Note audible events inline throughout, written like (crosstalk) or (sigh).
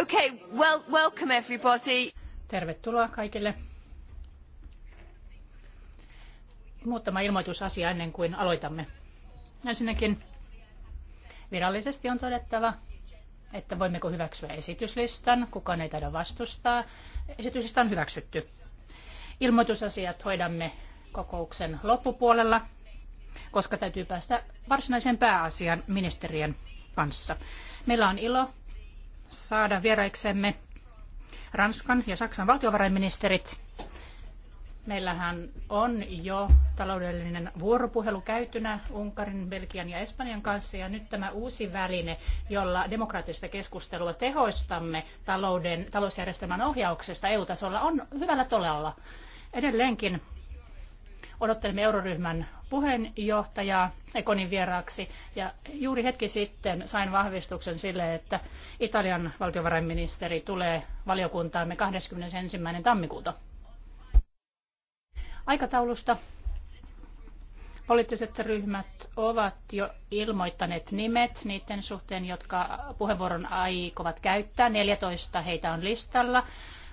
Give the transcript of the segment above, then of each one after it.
Okay, well, welcome everybody. Tervetuloa kaikille. Muutama ilmoitusasia ennen kuin aloitamme. Ensinnäkin virallisesti on todettava, että voimmeko hyväksyä esityslistan. Kukaan ei taida vastustaa. Esityslista on hyväksytty. Ilmoitusasiat hoidamme kokouksen loppupuolella, koska täytyy päästä varsinaiseen pääasian ministerien kanssa. Meillä on ilo saada vieraiksemme Ranskan ja Saksan valtiovarainministerit. Meillähän on jo taloudellinen vuoropuhelu käytynä Unkarin, Belgian ja Espanjan kanssa ja nyt tämä uusi väline, jolla demokraattista keskustelua tehoistamme talouden, talousjärjestelmän ohjauksesta EU-tasolla on hyvällä tolalla. Edelleenkin odottelemme euroryhmän puheenjohtajaa Ekonin vieraaksi. Ja juuri hetki sitten sain vahvistuksen sille, että Italian valtiovarainministeri tulee valiokuntaamme 21. tammikuuta. Aikataulusta poliittiset ryhmät ovat jo ilmoittaneet nimet niiden suhteen, jotka puheenvuoron aikovat käyttää. 14 heitä on listalla.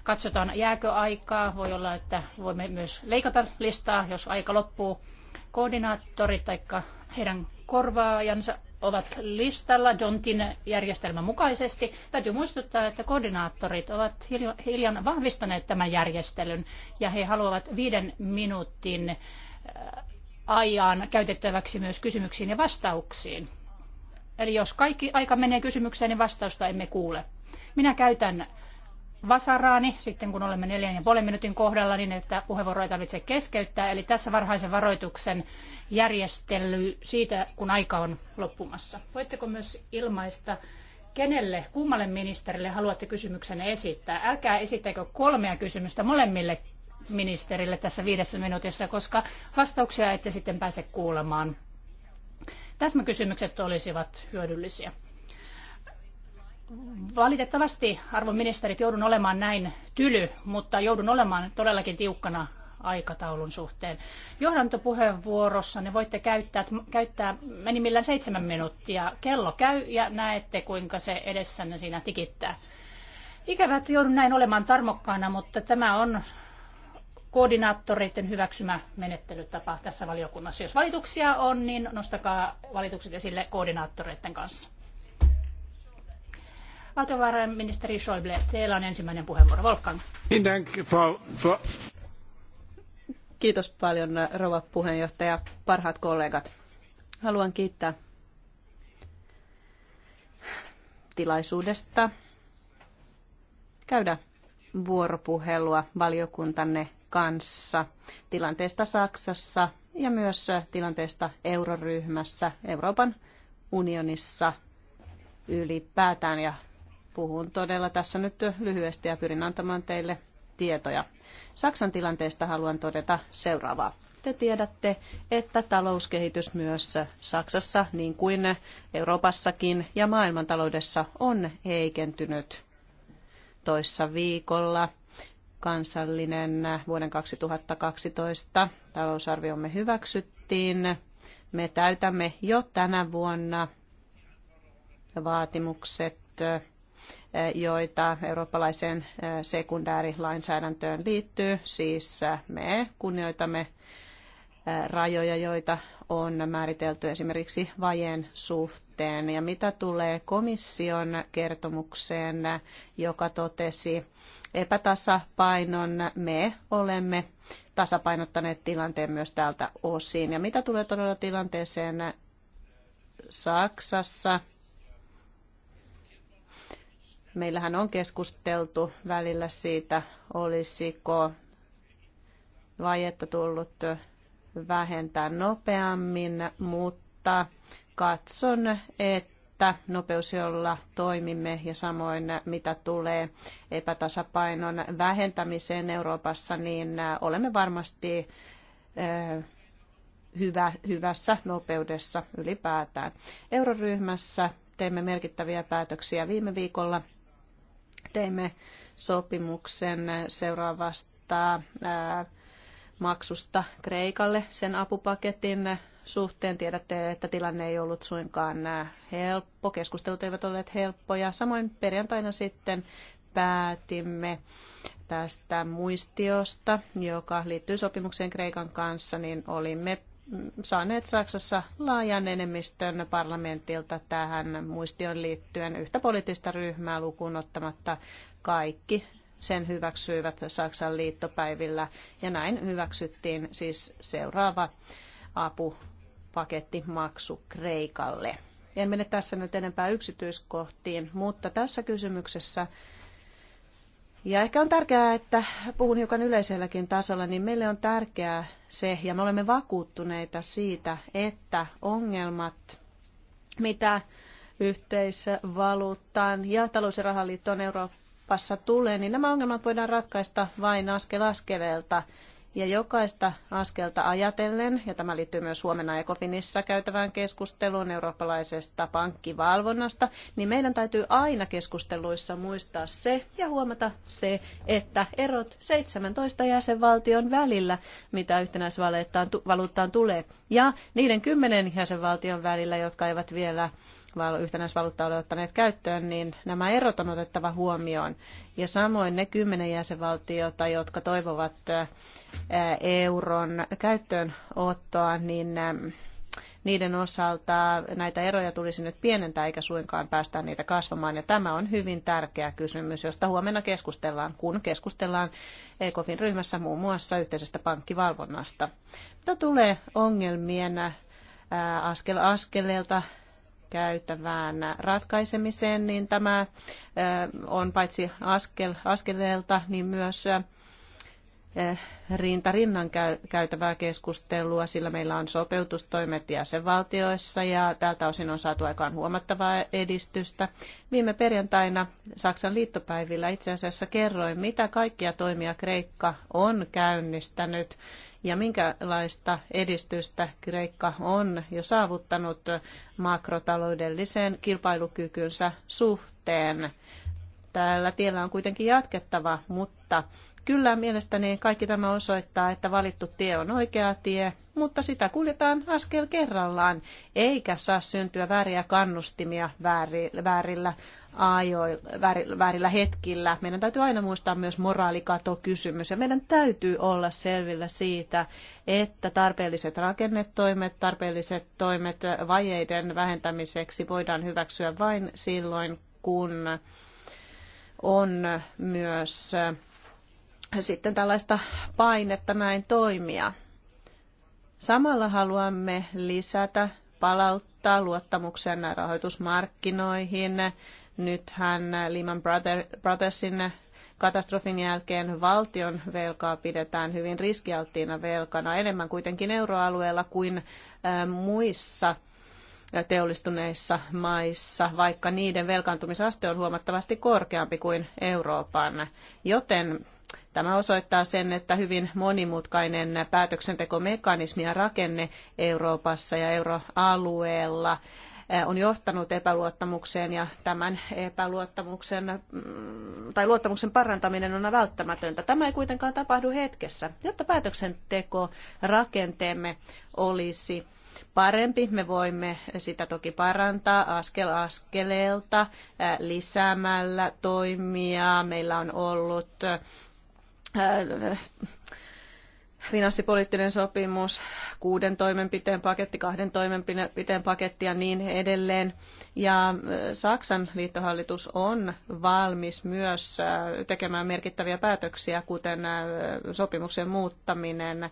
Katsotaan jääkö aikaa. Voi olla, että voimme myös leikata listaa, jos aika loppuu. Koordinaattorit tai heidän korvaajansa ovat listalla Jontin järjestelmän mukaisesti. Täytyy muistuttaa, että koordinaattorit ovat hiljan vahvistaneet tämän järjestelyn ja he haluavat viiden minuutin äh, ajan käytettäväksi myös kysymyksiin ja vastauksiin. Eli jos kaikki aika menee kysymykseen, niin vastausta emme kuule. Minä käytän vasaraani sitten, kun olemme neljän ja puolen minuutin kohdalla, niin että puheenvuoro ei tarvitse keskeyttää. Eli tässä varhaisen varoituksen järjestely siitä, kun aika on loppumassa. Voitteko myös ilmaista, kenelle, kummalle ministerille haluatte kysymyksen esittää? Älkää esittäkö kolmea kysymystä molemmille ministerille tässä viidessä minuutissa, koska vastauksia ette sitten pääse kuulemaan. Täsmäkysymykset olisivat hyödyllisiä. Valitettavasti, arvon ministerit, joudun olemaan näin tyly, mutta joudun olemaan todellakin tiukkana aikataulun suhteen. Johdantopuheenvuorossa ne voitte käyttää, käyttää menimmillään seitsemän minuuttia. Kello käy ja näette, kuinka se edessänne siinä tikittää. Ikävä, että joudun näin olemaan tarmokkaana, mutta tämä on koordinaattoreiden hyväksymä menettelytapa tässä valiokunnassa. Jos valituksia on, niin nostakaa valitukset esille koordinaattoreiden kanssa. Valtiovarainministeri Schäuble, teillä on ensimmäinen puheenvuoro. Volkan. Kiitos paljon, rouva puheenjohtaja. Parhaat kollegat, haluan kiittää tilaisuudesta käydä vuoropuhelua valiokuntanne kanssa tilanteesta Saksassa ja myös tilanteesta euroryhmässä, Euroopan unionissa ylipäätään ja Puhun todella tässä nyt lyhyesti ja pyrin antamaan teille tietoja. Saksan tilanteesta haluan todeta seuraavaa. Te tiedätte, että talouskehitys myös Saksassa, niin kuin Euroopassakin ja maailmantaloudessa, on heikentynyt. Toissa viikolla kansallinen vuoden 2012 talousarviomme hyväksyttiin. Me täytämme jo tänä vuonna vaatimukset joita eurooppalaiseen eh, sekundäärilainsäädäntöön liittyy. Siis eh, me kunnioitamme eh, rajoja, joita on määritelty esimerkiksi vajeen suhteen. Ja mitä tulee komission kertomukseen, joka totesi epätasapainon, me olemme tasapainottaneet tilanteen myös tältä osin. Ja mitä tulee todella tilanteeseen Saksassa, Meillähän on keskusteltu välillä siitä, olisiko vajetta tullut vähentää nopeammin, mutta katson, että nopeus, jolla toimimme ja samoin mitä tulee epätasapainon vähentämiseen Euroopassa, niin olemme varmasti hyvä, hyvässä nopeudessa ylipäätään. Euroryhmässä teemme merkittäviä päätöksiä viime viikolla teimme sopimuksen seuraavasta maksusta Kreikalle sen apupaketin suhteen. Tiedätte, että tilanne ei ollut suinkaan helppo. Keskustelut eivät olleet helppoja. Samoin perjantaina sitten päätimme tästä muistiosta, joka liittyy sopimukseen Kreikan kanssa, niin olimme saaneet Saksassa laajan enemmistön parlamentilta tähän muistion liittyen yhtä poliittista ryhmää lukuun ottamatta kaikki sen hyväksyivät Saksan liittopäivillä ja näin hyväksyttiin siis seuraava apupaketti maksu Kreikalle. En mene tässä nyt enempää yksityiskohtiin, mutta tässä kysymyksessä ja ehkä on tärkeää, että puhun hiukan yleiselläkin tasolla, niin meille on tärkeää se, ja me olemme vakuuttuneita siitä, että ongelmat, mitä yhteisvaluuttaan ja talous- ja rahaliittoon Euroopassa tulee, niin nämä ongelmat voidaan ratkaista vain askel askeleelta ja jokaista askelta ajatellen, ja tämä liittyy myös huomenna Ekofinissa käytävään keskusteluun eurooppalaisesta pankkivalvonnasta, niin meidän täytyy aina keskusteluissa muistaa se ja huomata se, että erot 17 jäsenvaltion välillä, mitä yhtenäisvaluuttaan tulee, ja niiden kymmenen jäsenvaltion välillä, jotka eivät vielä yhtenäisvaluutta ole ottaneet käyttöön, niin nämä erot on otettava huomioon. Ja samoin ne kymmenen jäsenvaltiota, jotka toivovat euron käyttöönottoa, niin niiden osalta näitä eroja tulisi nyt pienentää eikä suinkaan päästä niitä kasvamaan. Ja tämä on hyvin tärkeä kysymys, josta huomenna keskustellaan, kun keskustellaan ECOFin ryhmässä muun muassa yhteisestä pankkivalvonnasta. Mitä tulee ongelmien askel askeleelta käytävään ratkaisemiseen, niin tämä on paitsi askel, askeleelta, niin myös rinta rinnan käytävää keskustelua, sillä meillä on sopeutustoimet jäsenvaltioissa ja tältä osin on saatu aikaan huomattavaa edistystä. Viime perjantaina Saksan liittopäivillä itse asiassa kerroin, mitä kaikkia toimia Kreikka on käynnistänyt ja minkälaista edistystä Kreikka on jo saavuttanut makrotaloudellisen kilpailukykynsä suhteen. Täällä tiellä on kuitenkin jatkettava, mutta kyllä mielestäni kaikki tämä osoittaa, että valittu tie on oikea tie, mutta sitä kuljetaan askel kerrallaan, eikä saa syntyä vääriä kannustimia väärillä ajoilla, väärillä hetkillä. Meidän täytyy aina muistaa myös moraalikatokysymys ja meidän täytyy olla selvillä siitä, että tarpeelliset rakennetoimet, tarpeelliset toimet vajeiden vähentämiseksi voidaan hyväksyä vain silloin, kun on myös äh, sitten tällaista painetta näin toimia. Samalla haluamme lisätä palauttaa luottamuksen rahoitusmarkkinoihin. Nythän Lehman Brothersin katastrofin jälkeen valtion velkaa pidetään hyvin riskialttiina velkana, enemmän kuitenkin euroalueella kuin muissa teollistuneissa maissa, vaikka niiden velkaantumisaste on huomattavasti korkeampi kuin Euroopan. Joten tämä osoittaa sen, että hyvin monimutkainen päätöksentekomekanismi ja rakenne Euroopassa ja euroalueella Eh, on johtanut epäluottamukseen ja tämän epäluottamuksen mm, tai luottamuksen parantaminen on välttämätöntä. Tämä ei kuitenkaan tapahdu hetkessä. Jotta päätöksenteko rakenteemme olisi parempi. Me voimme sitä toki parantaa askel askeleelta eh, lisäämällä toimia. Meillä on ollut eh, finanssipoliittinen sopimus, kuuden toimenpiteen paketti, kahden toimenpiteen paketti ja niin edelleen. Ja Saksan liittohallitus on valmis myös tekemään merkittäviä päätöksiä, kuten sopimuksen muuttaminen.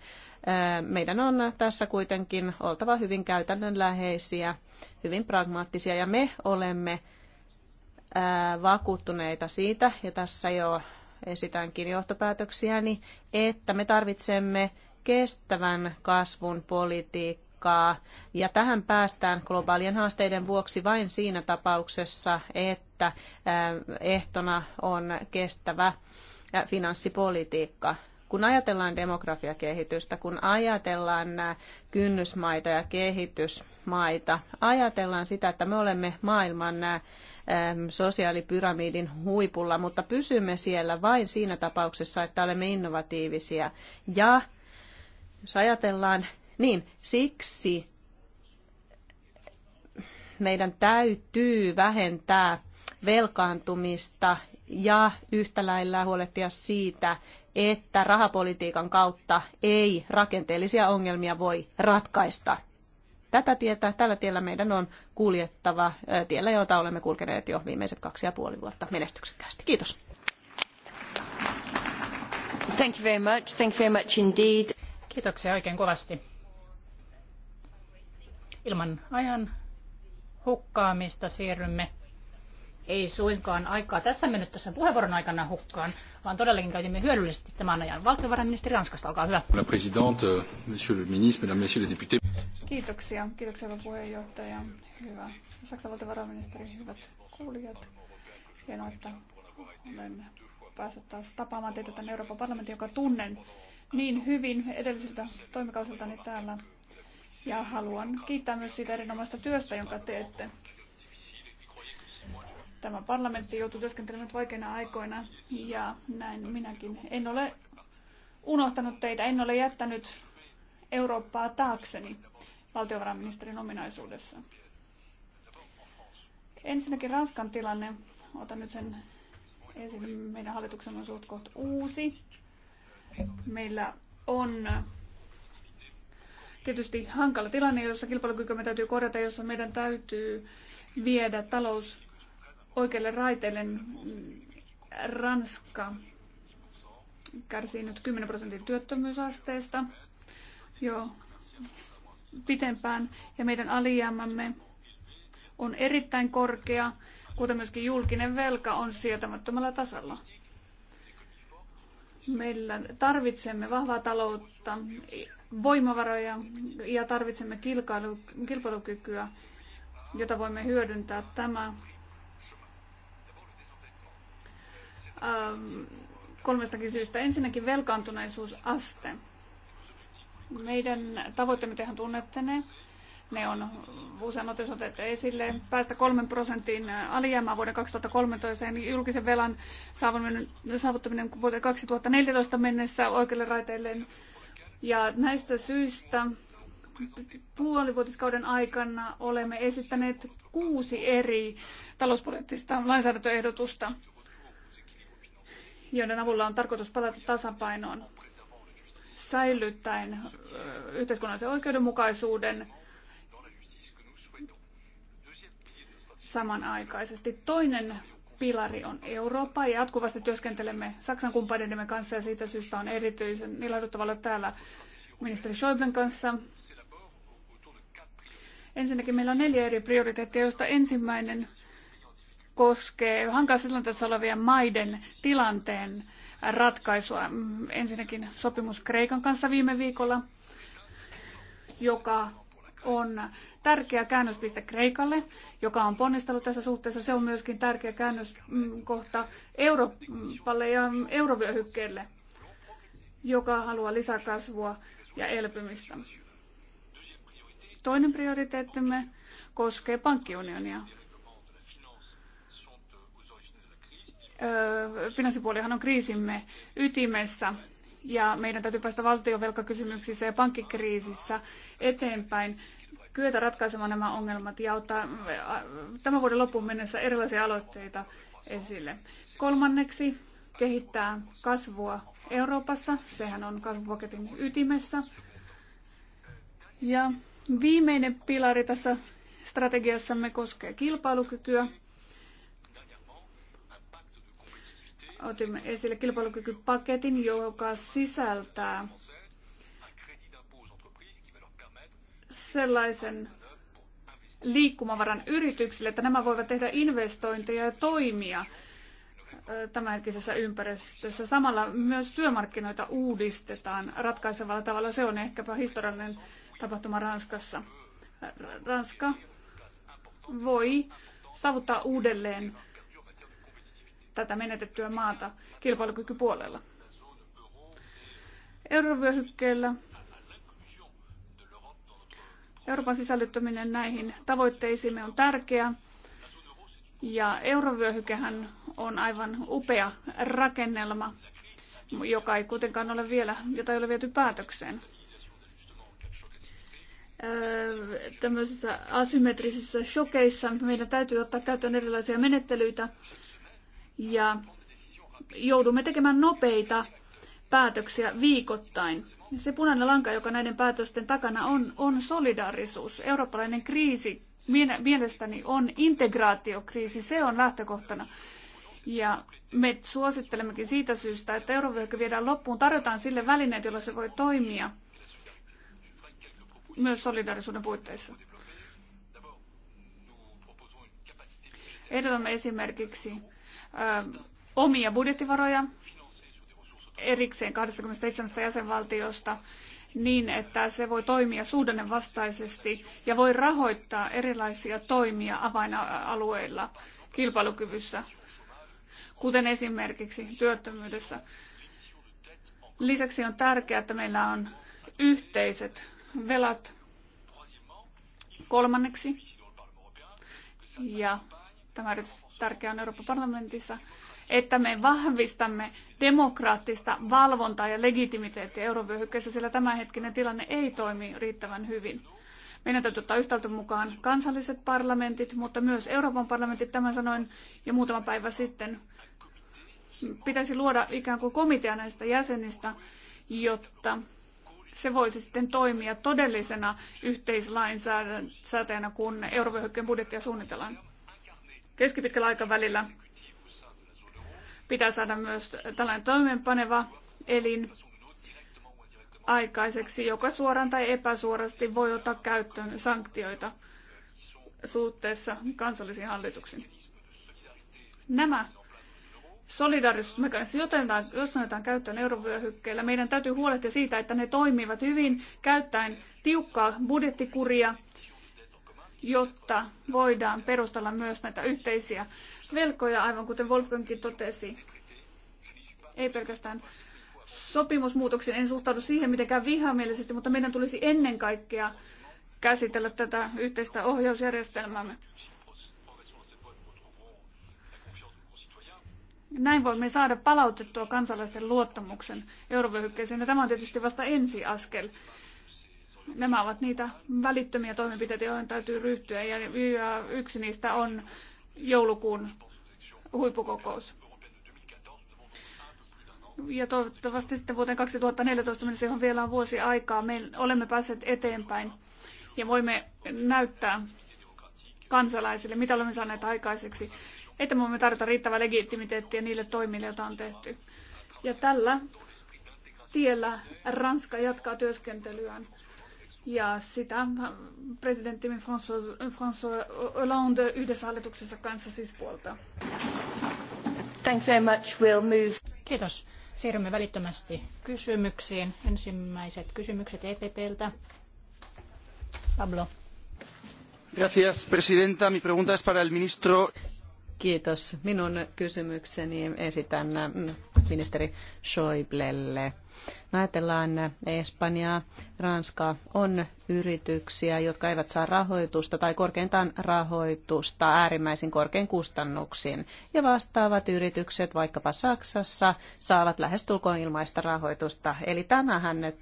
Meidän on tässä kuitenkin oltava hyvin käytännönläheisiä, hyvin pragmaattisia ja me olemme vakuuttuneita siitä, ja tässä jo esitänkin johtopäätöksiäni, että me tarvitsemme kestävän kasvun politiikkaa. Ja tähän päästään globaalien haasteiden vuoksi vain siinä tapauksessa, että ehtona on kestävä finanssipolitiikka kun ajatellaan demografiakehitystä, kun ajatellaan nämä kynnysmaita ja kehitysmaita, ajatellaan sitä, että me olemme maailman nämä, sosiaalipyramidin huipulla, mutta pysymme siellä vain siinä tapauksessa, että olemme innovatiivisia. Ja jos ajatellaan, niin siksi meidän täytyy vähentää velkaantumista ja yhtä lailla huolehtia siitä, että rahapolitiikan kautta ei rakenteellisia ongelmia voi ratkaista. Tätä tietä, tällä tiellä meidän on kuljettava tiellä, jota olemme kulkeneet jo viimeiset kaksi ja puoli vuotta menestyksekkäästi. Kiitos. Thank you very much. Thank you very much indeed. Kiitoksia oikein kovasti. Ilman ajan hukkaamista siirrymme ei suinkaan aikaa tässä mennyt tässä puheenvuoron aikana hukkaan, vaan todellakin käytimme hyödyllisesti tämän ajan. Valtiovarainministeri Ranskasta, olkaa hyvä. La présidente, monsieur le ministre, mesdames, messieurs les députés. Kiitoksia, kiitoksia hyvä puheenjohtaja, hyvä Saksan valtiovarainministeri, hyvät kuulijat. Hienoa, että olen päässyt taas tapaamaan teitä tänne Euroopan parlamentin, joka tunnen niin hyvin edellisiltä toimikausiltani täällä. Ja haluan kiittää myös siitä erinomaista työstä, jonka teette Tämä parlamentti joutuu työskentelemään vaikeina aikoina ja näin minäkin. En ole unohtanut teitä, en ole jättänyt Eurooppaa taakseni valtiovarainministerin ominaisuudessa. Ensinnäkin Ranskan tilanne, otan nyt sen esiin, meidän hallituksen on suht kohta uusi. Meillä on tietysti hankala tilanne, jossa kilpailukykymme täytyy korjata, jossa meidän täytyy viedä talous Oikealle raiteelle. Ranska kärsii nyt 10 prosentin työttömyysasteesta jo pitempään ja meidän alijäämämme on erittäin korkea, kuten myöskin julkinen velka on sietämättömällä tasalla. Meillä tarvitsemme vahvaa taloutta, voimavaroja ja tarvitsemme kilpailukykyä, jota voimme hyödyntää. Tämä Ähm, kolmestakin syystä. Ensinnäkin velkaantuneisuusaste. Meidän tavoitteemme tehän tunnette ne. Ne on usein otettu esille. Päästä kolmen prosentin alijäämää vuoden 2013 ja niin julkisen velan saavuttaminen vuoteen 2014 mennessä oikealle raiteille. Ja näistä syistä puolivuotiskauden aikana olemme esittäneet kuusi eri talouspoliittista lainsäädäntöehdotusta joiden avulla on tarkoitus palata tasapainoon säilyttäen yhteiskunnallisen oikeudenmukaisuuden samanaikaisesti. Toinen pilari on Eurooppa ja jatkuvasti työskentelemme Saksan kumppaneidemme kanssa ja siitä syystä on erityisen ilahduttavalla täällä ministeri Schäublen kanssa. Ensinnäkin meillä on neljä eri prioriteettia, joista ensimmäinen koskee hankalassa tilanteessa olevien maiden tilanteen ratkaisua. Ensinnäkin sopimus Kreikan kanssa viime viikolla, joka on tärkeä käännöspiste Kreikalle, joka on ponnistellut tässä suhteessa. Se on myöskin tärkeä käännöskohta mm, Euroopalle ja eurovyöhykkeelle, joka haluaa lisäkasvua ja elpymistä. Toinen prioriteettimme koskee pankkiunionia. finanssipuolihan on kriisimme ytimessä ja meidän täytyy päästä valtionvelkakysymyksissä ja pankkikriisissä eteenpäin, kyetä ratkaisemaan nämä ongelmat ja ottaa tämän vuoden loppuun mennessä erilaisia aloitteita esille. Kolmanneksi kehittää kasvua Euroopassa, sehän on kasvupaketin ytimessä. Ja viimeinen pilari tässä strategiassamme koskee kilpailukykyä. otimme esille kilpailukykypaketin, joka sisältää sellaisen liikkumavaran yrityksille, että nämä voivat tehdä investointeja ja toimia tämänhetkisessä ympäristössä. Samalla myös työmarkkinoita uudistetaan ratkaisevalla tavalla. Se on ehkäpä historiallinen tapahtuma Ranskassa. Ranska voi saavuttaa uudelleen tätä menetettyä maata kilpailukykypuolella. Eurovyöhykkeellä Euroopan sisällyttäminen näihin tavoitteisiimme on tärkeää. Ja eurovyöhykehän on aivan upea rakennelma, joka ei kuitenkaan ole vielä, jota ei ole viety päätökseen. Öö, tämmöisissä asymmetrisissä shokeissa meidän täytyy ottaa käyttöön erilaisia menettelyitä, ja joudumme tekemään nopeita päätöksiä viikoittain. Se punainen lanka, joka näiden päätösten takana on, on solidaarisuus. Eurooppalainen kriisi mielestäni on integraatiokriisi, se on lähtökohtana. Ja me suosittelemmekin siitä syystä, että eurovyöhyke viedään loppuun, tarjotaan sille välineet, joilla se voi toimia myös solidaarisuuden puitteissa. Ehdotamme esimerkiksi omia budjettivaroja erikseen 27 jäsenvaltiosta niin, että se voi toimia suhdannen vastaisesti ja voi rahoittaa erilaisia toimia avainalueilla kilpailukyvyssä, kuten esimerkiksi työttömyydessä. Lisäksi on tärkeää, että meillä on yhteiset velat kolmanneksi. Ja tämä erityisesti tärkeää on Euroopan parlamentissa, että me vahvistamme demokraattista valvontaa ja legitimiteettiä eurovyöhykkeessä, sillä tämänhetkinen tilanne ei toimi riittävän hyvin. Meidän täytyy ottaa yhtäältä mukaan kansalliset parlamentit, mutta myös Euroopan parlamentit, tämän sanoin jo muutama päivä sitten. Pitäisi luoda ikään kuin komitea näistä jäsenistä, jotta se voisi sitten toimia todellisena yhteislainsäätäjänä, kun eurovyöhykkeen budjettia suunnitellaan keskipitkällä aikavälillä pitää saada myös tällainen toimeenpaneva elin aikaiseksi, joka suoraan tai epäsuorasti voi ottaa käyttöön sanktioita suhteessa kansallisiin hallituksiin. Nämä solidaarisuusmekanismit, jos ne otetaan käyttöön eurovyöhykkeellä, meidän täytyy huolehtia siitä, että ne toimivat hyvin käyttäen tiukkaa budjettikuria jotta voidaan perustella myös näitä yhteisiä velkoja, aivan kuten Wolfgangkin totesi. Ei pelkästään sopimusmuutoksiin, en suhtaudu siihen mitenkään vihamielisesti, mutta meidän tulisi ennen kaikkea käsitellä tätä yhteistä ohjausjärjestelmäämme. Näin voimme saada palautettua kansalaisten luottamuksen eurovyöhykkeeseen, ja tämä on tietysti vasta ensiaskel. askel Nämä ovat niitä välittömiä toimenpiteitä, joihin täytyy ryhtyä, ja yksi niistä on joulukuun huippukokous. Ja toivottavasti sitten vuoteen 2014 mennessä, johon vielä on vuosi aikaa, me olemme päässeet eteenpäin ja voimme näyttää kansalaisille, mitä olemme saaneet aikaiseksi, että me voimme tarjota riittävää legitimiteettiä niille toimille, joita on tehty. Ja tällä tiellä Ranska jatkaa työskentelyään ja sitä presidenttimme François, François Hollande yhdessä hallituksessa kanssa siis puolta. Thank you very much. We'll move. Kiitos. Siirrymme välittömästi kysymyksiin. Ensimmäiset kysymykset EPPltä. Pablo. Gracias, presidenta. Mi pregunta es para el ministro. Kiitos. Minun kysymykseni esitän mm, ministeri Schäublelle. Ajatellaan Espanjaa, Ranskaa, on yrityksiä, jotka eivät saa rahoitusta tai korkeintaan rahoitusta äärimmäisin korkein kustannuksiin. Ja vastaavat yritykset vaikkapa Saksassa saavat lähestulkoon ilmaista rahoitusta. Eli tämähän nyt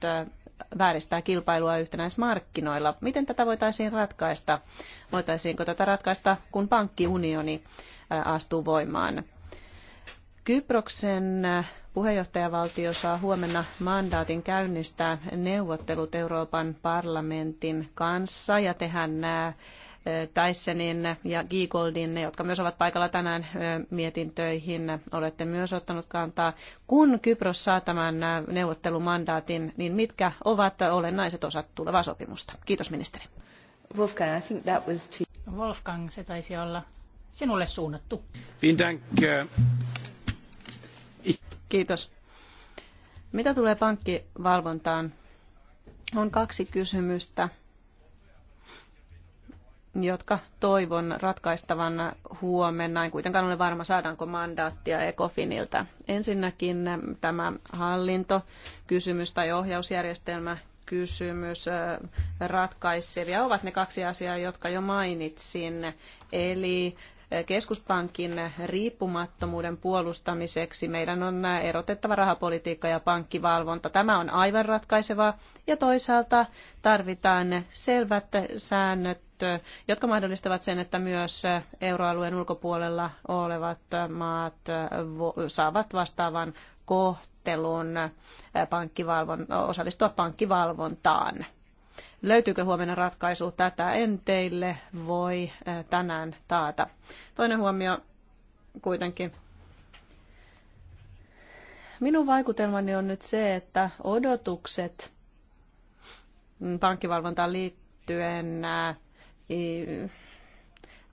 vääristää kilpailua yhtenäismarkkinoilla. Miten tätä voitaisiin ratkaista? Voitaisiinko tätä ratkaista, kun pankkiunioni astuu voimaan? Kyproksen puheenjohtajavaltio saa huomenna mandaatin käynnistää neuvottelut Euroopan parlamentin kanssa ja tehän nämä Tysonin ja Giegoldin, jotka myös ovat paikalla tänään mietintöihin, olette myös ottanut kantaa. Kun Kypros saa tämän neuvottelumandaatin, niin mitkä ovat olennaiset osat tulevaa sopimusta? Kiitos ministeri. Wolfgang, I think that was to... Wolfgang, se taisi olla sinulle suunnattu. Vielen äh, Kiitos. Mitä tulee pankkivalvontaan? On kaksi kysymystä, jotka toivon ratkaistavan huomenna. En kuitenkaan ole varma, saadaanko mandaattia Ecofinilta. Ensinnäkin tämä hallintokysymys tai ohjausjärjestelmä kysymys äh, ratkaisevia ovat ne kaksi asiaa, jotka jo mainitsin. Eli keskuspankin riippumattomuuden puolustamiseksi meidän on erotettava rahapolitiikka ja pankkivalvonta. Tämä on aivan ratkaisevaa ja toisaalta tarvitaan selvät säännöt, jotka mahdollistavat sen, että myös euroalueen ulkopuolella olevat maat saavat vastaavan kohtelun pankkivalvon, osallistua pankkivalvontaan. Löytyykö huomenna ratkaisu? Tätä en teille voi tänään taata. Toinen huomio kuitenkin. Minun vaikutelmani on nyt se, että odotukset mm, pankkivalvontaan liittyen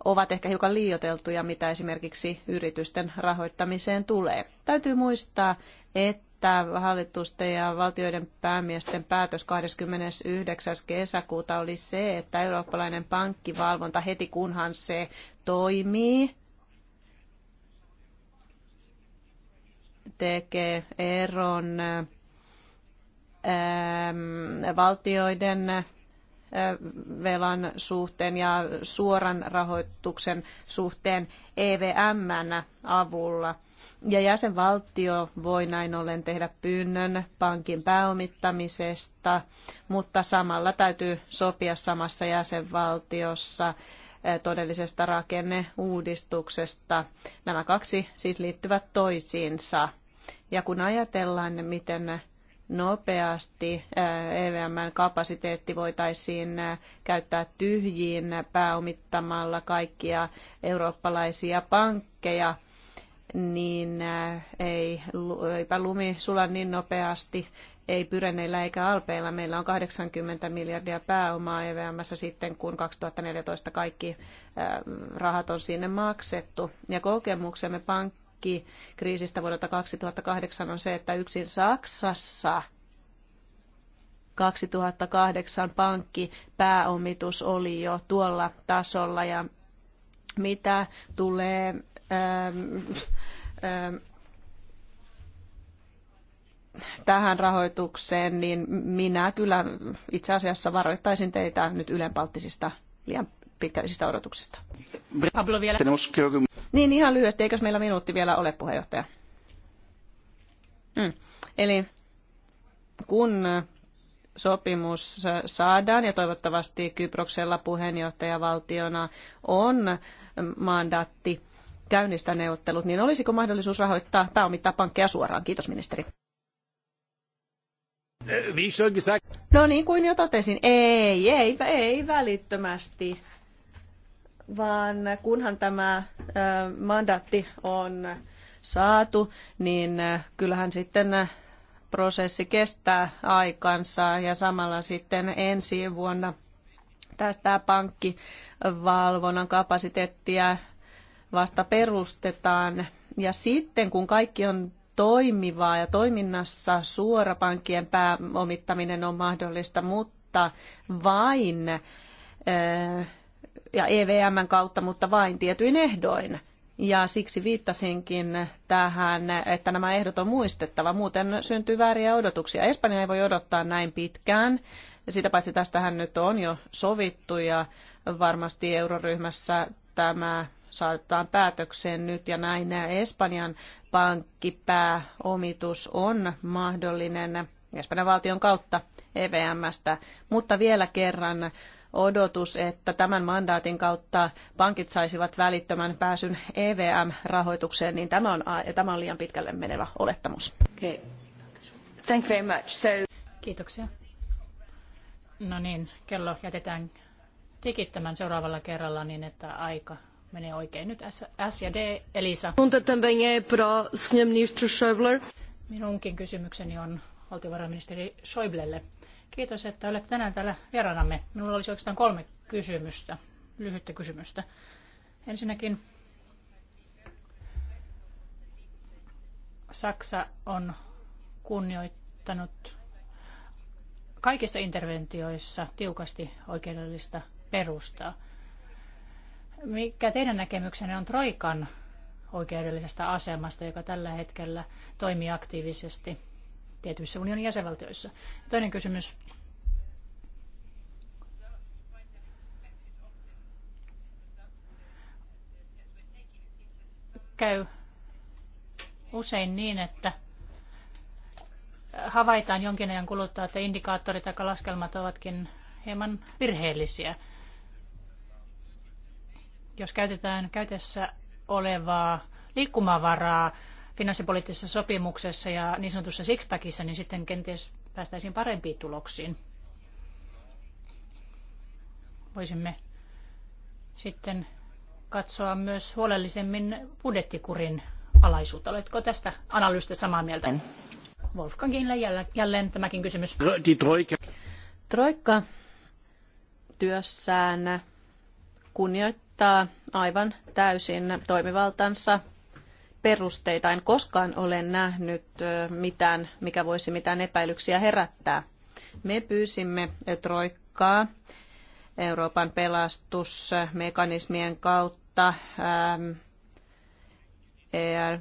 ovat ehkä hiukan liioteltuja, mitä esimerkiksi yritysten rahoittamiseen tulee. Täytyy muistaa, että että hallitusten ja valtioiden päämiesten päätös 29. kesäkuuta oli se, että eurooppalainen pankkivalvonta heti kunhan se toimii, tekee eron ähm, valtioiden velan suhteen ja suoran rahoituksen suhteen EVMn avulla. Ja jäsenvaltio voi näin ollen tehdä pyynnön pankin pääomittamisesta, mutta samalla täytyy sopia samassa jäsenvaltiossa todellisesta rakenneuudistuksesta. Nämä kaksi siis liittyvät toisiinsa. Ja kun ajatellaan, miten nopeasti EVMn kapasiteetti voitaisiin käyttää tyhjiin pääomittamalla kaikkia eurooppalaisia pankkeja, niin ei, eipä lumi sula niin nopeasti, ei Pyreneillä eikä Alpeilla. Meillä on 80 miljardia pääomaa evm sitten, kun 2014 kaikki rahat on sinne maksettu. Ja kokemuksemme pankki esimerkki kriisistä vuodelta 2008 on se, että yksin Saksassa 2008 pankkipääomitus oli jo tuolla tasolla ja mitä tulee ähm, ähm, tähän rahoitukseen, niin minä kyllä itse asiassa varoittaisin teitä nyt ylenpalttisista liian pitkällisistä odotuksista. Pablo vielä. Niin ihan lyhyesti, eikös meillä minuutti vielä ole puheenjohtaja? Mm. Eli kun sopimus saadaan ja toivottavasti Kyproksella puheenjohtajavaltiona on mandaatti käynnistää neuvottelut, niin olisiko mahdollisuus rahoittaa pääomittaa pankkeja suoraan? Kiitos ministeri. Niin, no niin kuin jo totesin, ei, ei, ei välittömästi vaan kunhan tämä mandaatti on saatu, niin kyllähän sitten prosessi kestää aikansa ja samalla sitten ensi vuonna tästä pankkivalvonnan kapasiteettia vasta perustetaan. Ja sitten kun kaikki on toimivaa ja toiminnassa suora pankkien pääomittaminen on mahdollista, mutta vain ja EVMn kautta, mutta vain tietyin ehdoin. Ja siksi viittasinkin tähän, että nämä ehdot on muistettava, muuten syntyy vääriä odotuksia. Espanja ei voi odottaa näin pitkään. Sitä paitsi tästähän nyt on jo sovittu ja varmasti euroryhmässä tämä saatetaan päätökseen nyt ja näin Espanjan pankkipääomitus on mahdollinen Espanjan valtion kautta EVMstä, mutta vielä kerran odotus, että tämän mandaatin kautta pankit saisivat välittömän pääsyn EVM-rahoitukseen, niin tämä on, tämä on liian pitkälle menevä olettamus. Okay. Thank very much. So... Kiitoksia. No niin, kello jätetään tikittämään seuraavalla kerralla niin, että aika menee oikein. Nyt S, S ja D, Elisa. Minunkin kysymykseni on valtiovarainministeri Schäublelle. Kiitos, että olette tänään täällä vieraanamme. Minulla olisi oikeastaan kolme kysymystä, lyhyttä kysymystä. Ensinnäkin Saksa on kunnioittanut kaikissa interventioissa tiukasti oikeudellista perustaa. Mikä teidän näkemyksenne on Troikan oikeudellisesta asemasta, joka tällä hetkellä toimii aktiivisesti? tietyissä unionin jäsenvaltioissa. Toinen kysymys. Käy usein niin, että havaitaan jonkin ajan kuluttaa, että indikaattorit tai laskelmat ovatkin hieman virheellisiä. Jos käytetään käytössä olevaa liikkumavaraa finanssipoliittisessa sopimuksessa ja niin sanotussa sixpackissa, niin sitten kenties päästäisiin parempiin tuloksiin. Voisimme sitten katsoa myös huolellisemmin budjettikurin alaisuutta. Oletko tästä analyysistä samaa mieltä? Wolfgang, Wolfgangille jälleen, tämäkin kysymys. Troika. Troikka työssään kunnioittaa aivan täysin toimivaltansa perusteita. En koskaan ole nähnyt mitään, mikä voisi mitään epäilyksiä herättää. Me pyysimme Troikkaa Euroopan pelastusmekanismien kautta ER,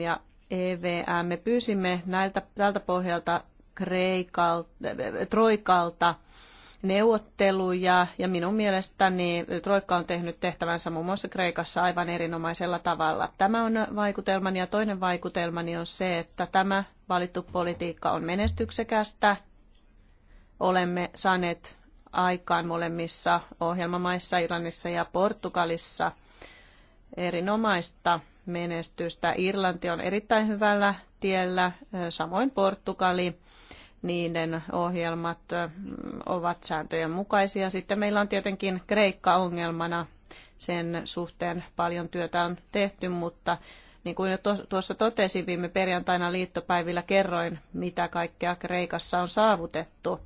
ja EVM. Me pyysimme näiltä, tältä pohjalta Kreikalta, Troikalta neuvotteluja ja minun mielestäni Troikka on tehnyt tehtävänsä muun muassa Kreikassa aivan erinomaisella tavalla. Tämä on vaikutelmani ja toinen vaikutelmani on se, että tämä valittu politiikka on menestyksekästä. Olemme saaneet aikaan molemmissa ohjelmamaissa, Irlannissa ja Portugalissa erinomaista menestystä. Irlanti on erittäin hyvällä tiellä, samoin Portugali niiden ohjelmat ovat sääntöjen mukaisia. Sitten meillä on tietenkin Kreikka ongelmana. Sen suhteen paljon työtä on tehty, mutta niin kuin jo tuossa totesin viime perjantaina liittopäivillä, kerroin, mitä kaikkea Kreikassa on saavutettu.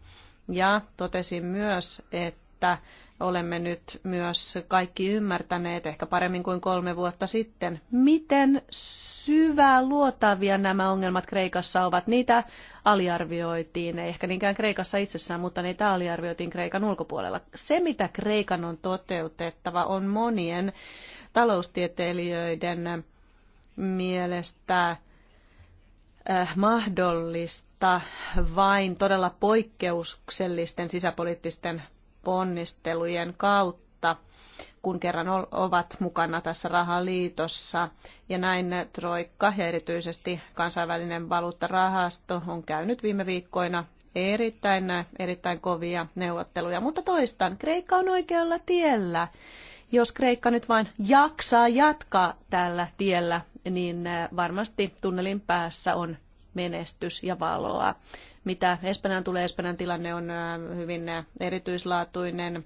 Ja totesin myös, että olemme nyt myös kaikki ymmärtäneet, ehkä paremmin kuin kolme vuotta sitten, miten syvää luotavia nämä ongelmat Kreikassa ovat. Niitä aliarvioitiin, ei ehkä niinkään Kreikassa itsessään, mutta niitä aliarvioitiin Kreikan ulkopuolella. Se, mitä Kreikan on toteutettava, on monien taloustieteilijöiden mielestä äh, mahdollista vain todella poikkeuksellisten sisäpoliittisten ponnistelujen kautta, kun kerran ovat mukana tässä rahaliitossa. Ja näin Troikka ja erityisesti kansainvälinen valuuttarahasto on käynyt viime viikkoina erittäin, erittäin kovia neuvotteluja. Mutta toistan, Kreikka on oikealla tiellä. Jos Kreikka nyt vain jaksaa jatkaa tällä tiellä, niin varmasti tunnelin päässä on menestys ja valoa mitä Espanjan tulee. Espanjan tilanne on äh, hyvin äh, erityislaatuinen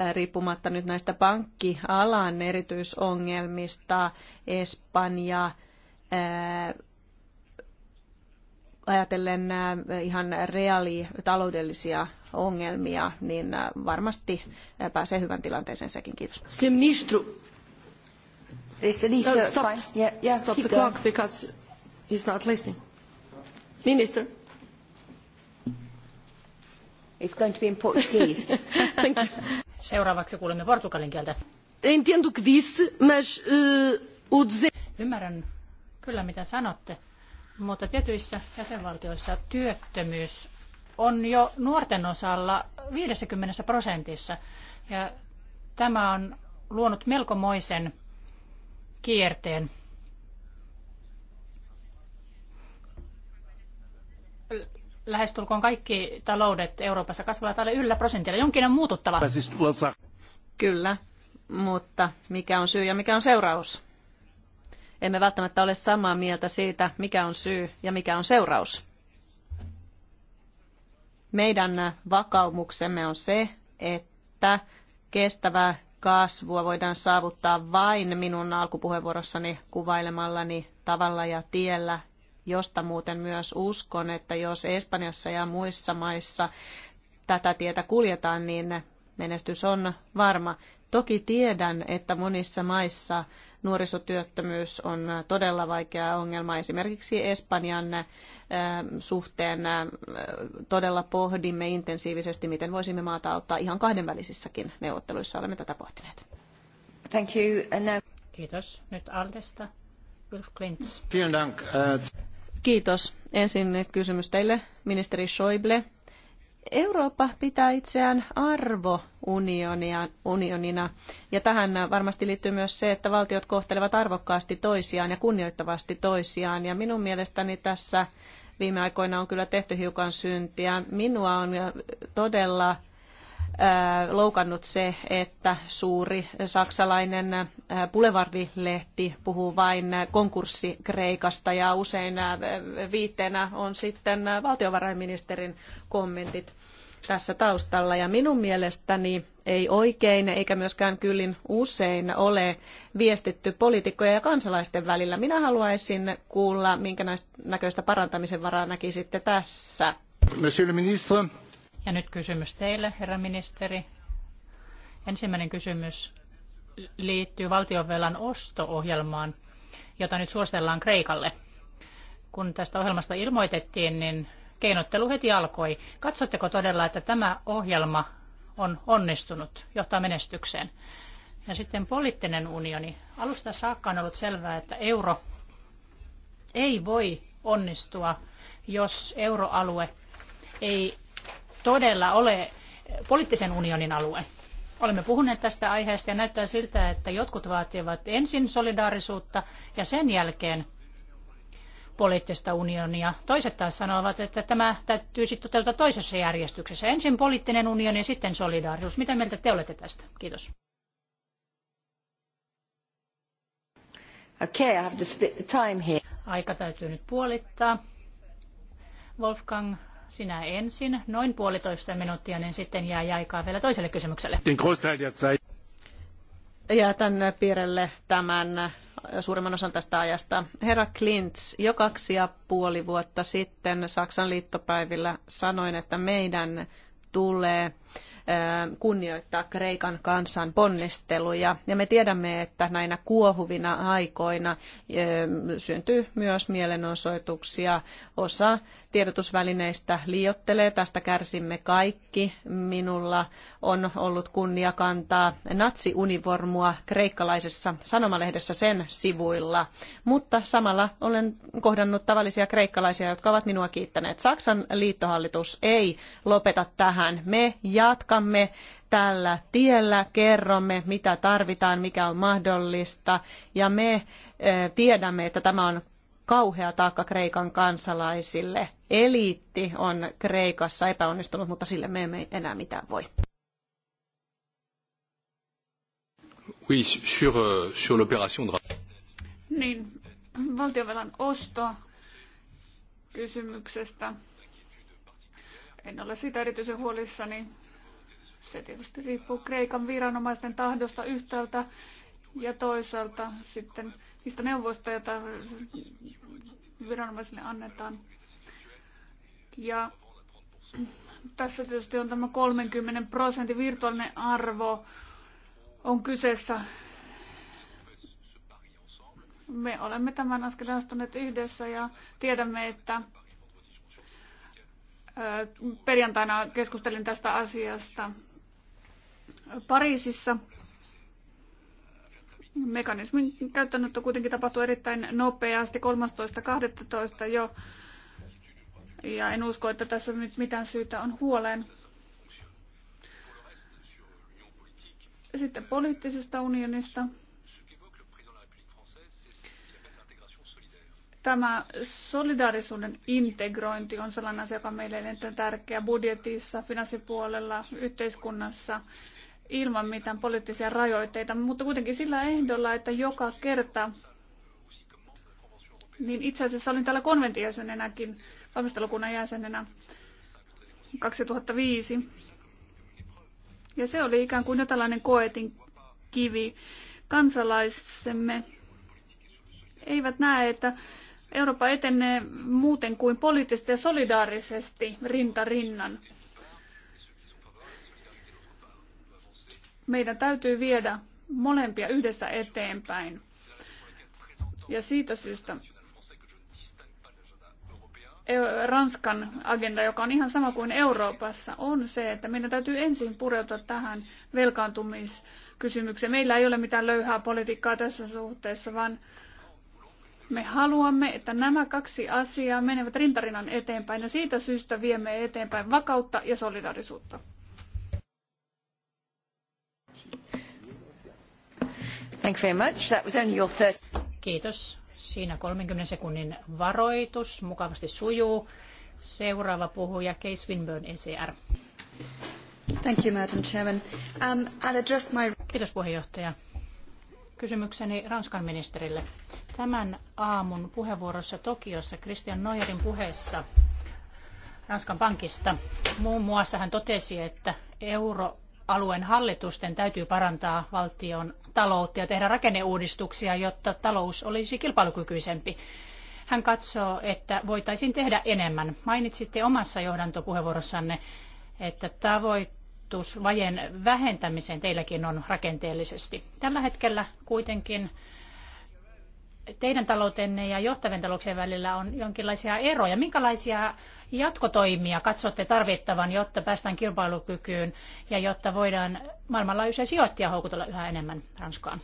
äh, riippumatta nyt näistä pankkialan erityisongelmista. Espanja ajatellen ihan reaali taloudellisia ongelmia, niin varmasti pääsee hyvän tilanteeseen sekin. Kiitos. Ministru. No, uh, stop, stop the clock because he's not listening. Minister. It's going to be in Portuguese. (laughs) Thank you. Seuraavaksi kuulemme portugalin kieltä. Entiendo que disse, mas eh, o Ymmärrän kyllä mitä sanotte, mutta tietyissä jäsenvaltioissa työttömyys on jo nuorten osalla 50 prosentissa. Ja tämä on luonut melkomoisen kierteen lähestulkoon kaikki taloudet Euroopassa kasvavat alle yllä prosentilla. Jonkin on muututtava. Kyllä, mutta mikä on syy ja mikä on seuraus? Emme välttämättä ole samaa mieltä siitä, mikä on syy ja mikä on seuraus. Meidän vakaumuksemme on se, että kestävää kasvua voidaan saavuttaa vain minun alkupuheenvuorossani kuvailemallani tavalla ja tiellä, josta muuten myös uskon, että jos Espanjassa ja muissa maissa tätä tietä kuljetaan, niin menestys on varma. Toki tiedän, että monissa maissa nuorisotyöttömyys on todella vaikea ongelma. Esimerkiksi Espanjan eh, suhteen eh, todella pohdimme intensiivisesti, miten voisimme maata auttaa ihan kahdenvälisissäkin neuvotteluissa. Olemme tätä pohtineet. Thank you. Kiitos. Nyt Aldesta. Wolf Klintz. Vielen Dank. Äh, Kiitos. Ensin kysymys teille, ministeri Schäuble. Eurooppa pitää itseään arvounionina, ja tähän varmasti liittyy myös se, että valtiot kohtelevat arvokkaasti toisiaan ja kunnioittavasti toisiaan, ja minun mielestäni tässä viime aikoina on kyllä tehty hiukan syntiä. Minua on todella Äh, loukannut se, että suuri saksalainen äh, Boulevardilehti puhuu vain konkurssi Kreikasta ja usein äh, viitteenä on sitten valtiovarainministerin kommentit tässä taustalla. Ja minun mielestäni ei oikein eikä myöskään kyllin usein ole viestitty poliitikkojen ja kansalaisten välillä. Minä haluaisin kuulla, minkä näköistä parantamisen varaa näkisitte tässä. Monsieur le ministre, ja nyt kysymys teille, herra ministeri. Ensimmäinen kysymys liittyy valtionvelan osto-ohjelmaan, jota nyt suositellaan Kreikalle. Kun tästä ohjelmasta ilmoitettiin, niin keinottelu heti alkoi. Katsotteko todella, että tämä ohjelma on onnistunut, johtaa menestykseen? Ja sitten poliittinen unioni. Alusta saakka on ollut selvää, että euro ei voi onnistua, jos euroalue ei todella ole poliittisen unionin alue. Olemme puhuneet tästä aiheesta ja näyttää siltä, että jotkut vaativat ensin solidaarisuutta ja sen jälkeen poliittista unionia. Toiset taas sanovat, että tämä täytyy sitten toteuttaa toisessa järjestyksessä. Ensin poliittinen unioni ja sitten solidaarisuus. Mitä mieltä te olette tästä? Kiitos. Okay, I have to split the time here. Aika täytyy nyt puolittaa. Wolfgang sinä ensin noin puolitoista minuuttia, niin sitten jää aikaa vielä toiselle kysymykselle. Jätän piirelle tämän suurimman osan tästä ajasta. Herra Klintz, jo kaksi ja puoli vuotta sitten Saksan liittopäivillä sanoin, että meidän tulee kunnioittaa Kreikan kansan ponnisteluja. Ja me tiedämme, että näinä kuohuvina aikoina syntyy myös mielenosoituksia. Osa tiedotusvälineistä liottelee tästä kärsimme kaikki. Minulla on ollut kunnia kantaa natsiunivormua kreikkalaisessa sanomalehdessä sen sivuilla, mutta samalla olen kohdannut tavallisia kreikkalaisia, jotka ovat minua kiittäneet. Saksan liittohallitus ei lopeta tähän. Me jatkamme jatkamme tällä tiellä, kerromme mitä tarvitaan, mikä on mahdollista ja me eh, tiedämme, että tämä on kauhea taakka Kreikan kansalaisille. Eliitti on Kreikassa epäonnistunut, mutta sille me emme enää mitään voi. Oui, sur, eh, sur l'opération de... Niin, osto kysymyksestä. En ole siitä erityisen huolissani. Se tietysti riippuu Kreikan viranomaisten tahdosta yhtäältä ja toisaalta sitten niistä neuvoista, joita viranomaisille annetaan. Ja tässä tietysti on tämä 30 prosentin virtuaalinen arvo on kyseessä. Me olemme tämän askeleen astuneet yhdessä ja tiedämme, että perjantaina keskustelin tästä asiasta Pariisissa. Mekanismin käyttöönotto kuitenkin tapahtui erittäin nopeasti 13.12. jo. Ja en usko, että tässä nyt mitään syytä on huoleen. Sitten poliittisesta unionista. tämä solidaarisuuden integrointi on sellainen asia, joka on meille tärkeä budjetissa, finanssipuolella, yhteiskunnassa ilman mitään poliittisia rajoitteita, mutta kuitenkin sillä ehdolla, että joka kerta, niin itse asiassa olin täällä konventin jäsenenäkin, valmistelukunnan jäsenenä 2005. Ja se oli ikään kuin jotenlainen koetin kivi. Kansalaisemme eivät näe, että Eurooppa etenee muuten kuin poliittisesti ja solidaarisesti rinta rinnan. Meidän täytyy viedä molempia yhdessä eteenpäin. Ja siitä syystä e- Ranskan agenda, joka on ihan sama kuin Euroopassa, on se, että meidän täytyy ensin pureutua tähän velkaantumiskysymykseen. Meillä ei ole mitään löyhää politiikkaa tässä suhteessa, vaan me haluamme, että nämä kaksi asiaa menevät rintarinnan eteenpäin ja siitä syystä viemme eteenpäin vakautta ja solidaarisuutta. Kiitos. Siinä 30 sekunnin varoitus mukavasti sujuu. Seuraava puhuja Case Swinburne ECR. Thank you, Madam Chairman. Um, I'll address my... Kiitos puheenjohtaja. Kysymykseni Ranskan ministerille. Tämän aamun puheenvuorossa Tokiossa Christian Noyerin puheessa Ranskan pankista muun muassa hän totesi, että euro alueen hallitusten täytyy parantaa valtion taloutta ja tehdä rakenneuudistuksia, jotta talous olisi kilpailukykyisempi. Hän katsoo, että voitaisiin tehdä enemmän. Mainitsitte omassa johdantopuheenvuorossanne, että tavoitusvajen vähentämiseen teilläkin on rakenteellisesti. Tällä hetkellä kuitenkin teidän taloutenne ja johtavien talouksien välillä on jonkinlaisia eroja. Minkälaisia jatkotoimia katsotte tarvittavan, jotta päästään kilpailukykyyn ja jotta voidaan maailmanlaajuisia sijoittajia houkutella yhä enemmän Ranskaan?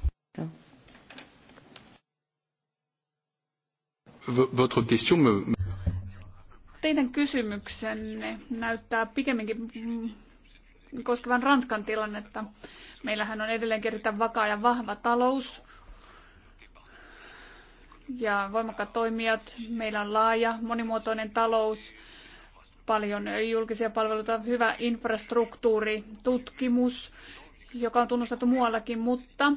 Votre question me... Teidän kysymyksenne näyttää pikemminkin koskevan Ranskan tilannetta. Meillähän on edelleen erittäin vakaa ja vahva talous ja voimakkaat toimijat. Meillä on laaja, monimuotoinen talous, paljon julkisia palveluita, hyvä infrastruktuuri, tutkimus, joka on tunnustettu muuallakin, mutta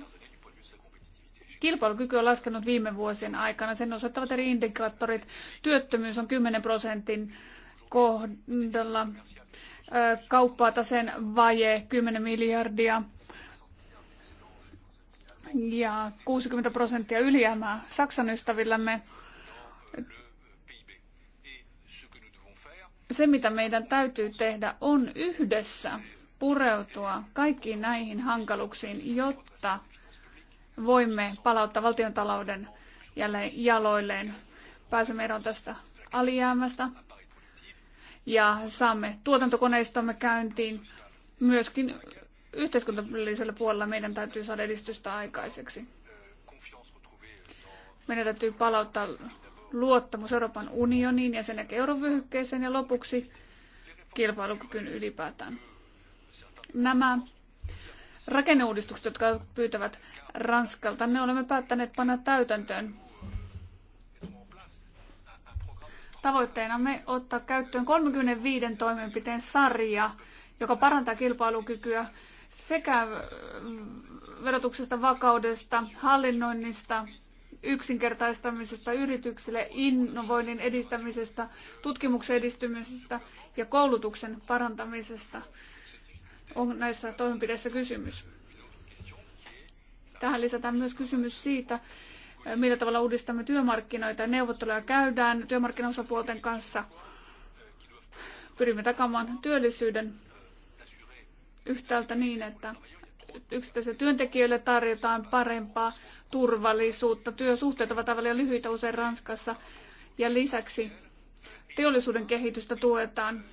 kilpailukyky on laskenut viime vuosien aikana. Sen osoittavat eri indikaattorit. Työttömyys on 10 prosentin kohdalla, kauppaa taseen vaje 10 miljardia – ja 60 prosenttia ylijäämää Saksan ystävillämme. Se, mitä meidän täytyy tehdä, on yhdessä pureutua kaikkiin näihin hankaluuksiin, jotta voimme palauttaa valtiontalouden jälleen jaloilleen. Pääsemme eroon tästä alijäämästä ja saamme tuotantokoneistomme käyntiin myöskin yhteiskunnallisella puolella meidän täytyy saada edistystä aikaiseksi. Meidän täytyy palauttaa luottamus Euroopan unioniin ja sen jälkeen eurovyhykkeeseen ja lopuksi kilpailukykyyn ylipäätään. Nämä rakenneuudistukset, jotka pyytävät Ranskalta, ne olemme päättäneet panna täytäntöön. Tavoitteena me ottaa käyttöön 35 toimenpiteen sarja, joka parantaa kilpailukykyä sekä äh, verotuksesta vakaudesta, hallinnoinnista, yksinkertaistamisesta yrityksille, innovoinnin edistämisestä, tutkimuksen edistymisestä ja koulutuksen parantamisesta on näissä toimenpiteissä kysymys. Tähän lisätään myös kysymys siitä, äh, millä tavalla uudistamme työmarkkinoita ja neuvotteluja käydään työmarkkinaosapuolten kanssa. Pyrimme takaamaan työllisyyden yhtäältä niin, että yksittäisille työntekijöille tarjotaan parempaa turvallisuutta. Työsuhteet ovat aivan liian lyhyitä usein Ranskassa ja lisäksi teollisuuden kehitystä tuetaan.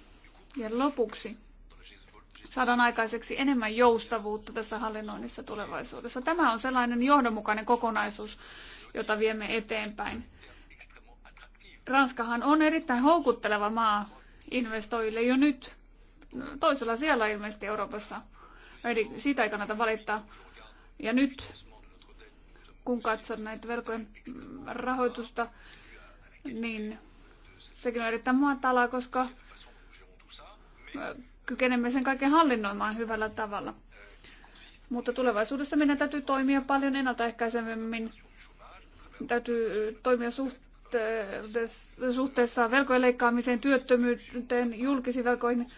Ja lopuksi saadaan aikaiseksi enemmän joustavuutta tässä hallinnoinnissa tulevaisuudessa. Tämä on sellainen johdonmukainen kokonaisuus, jota viemme eteenpäin. Ranskahan on erittäin houkutteleva maa investoijille jo nyt toisella siellä ilmeisesti Euroopassa. Eli siitä ei kannata valittaa. Ja nyt, kun katson näitä velkojen rahoitusta, niin sekin on erittäin matalaa, koska kykenemme sen kaiken hallinnoimaan hyvällä tavalla. Mutta tulevaisuudessa meidän täytyy toimia paljon ennaltaehkäisemmin. Täytyy toimia suhteessa velkojen leikkaamiseen, työttömyyteen, julkisiin velkoihin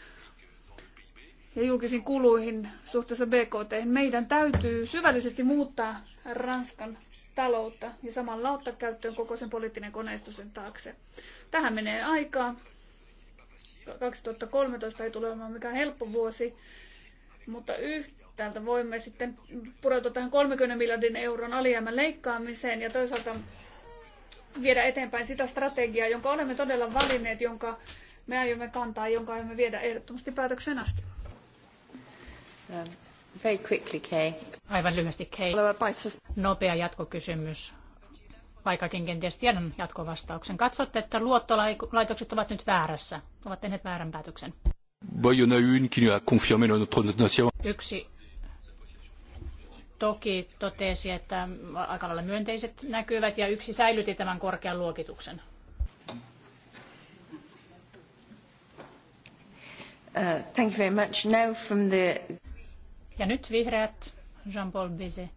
ja julkisiin kuluihin suhteessa BKT. Meidän täytyy syvällisesti muuttaa Ranskan taloutta ja samalla ottaa käyttöön koko sen poliittinen koneisto sen taakse. Tähän menee aikaa. 2013 ei tule olemaan mikään helppo vuosi, mutta yhtäältä voimme sitten pureutua tähän 30 miljardin euron alijäämän leikkaamiseen ja toisaalta viedä eteenpäin sitä strategiaa, jonka olemme todella valinneet, jonka me aiomme kantaa, jonka aiomme viedä ehdottomasti päätökseen asti. Um, very quickly, Kay. Aivan lyhyesti, Kay. Nopea jatkokysymys vaikkakin kenties tiedän jatkovastauksen. Katsotte, että luottolaitokset ovat nyt väärässä, ovat tehneet väärän päätöksen. Yksi toki totesi, että aika lailla myönteiset näkyvät ja yksi säilytti tämän korkean luokituksen. Uh, thank you very much. Now from the... Ja nyt vihreät, Jean-Paul Bizet.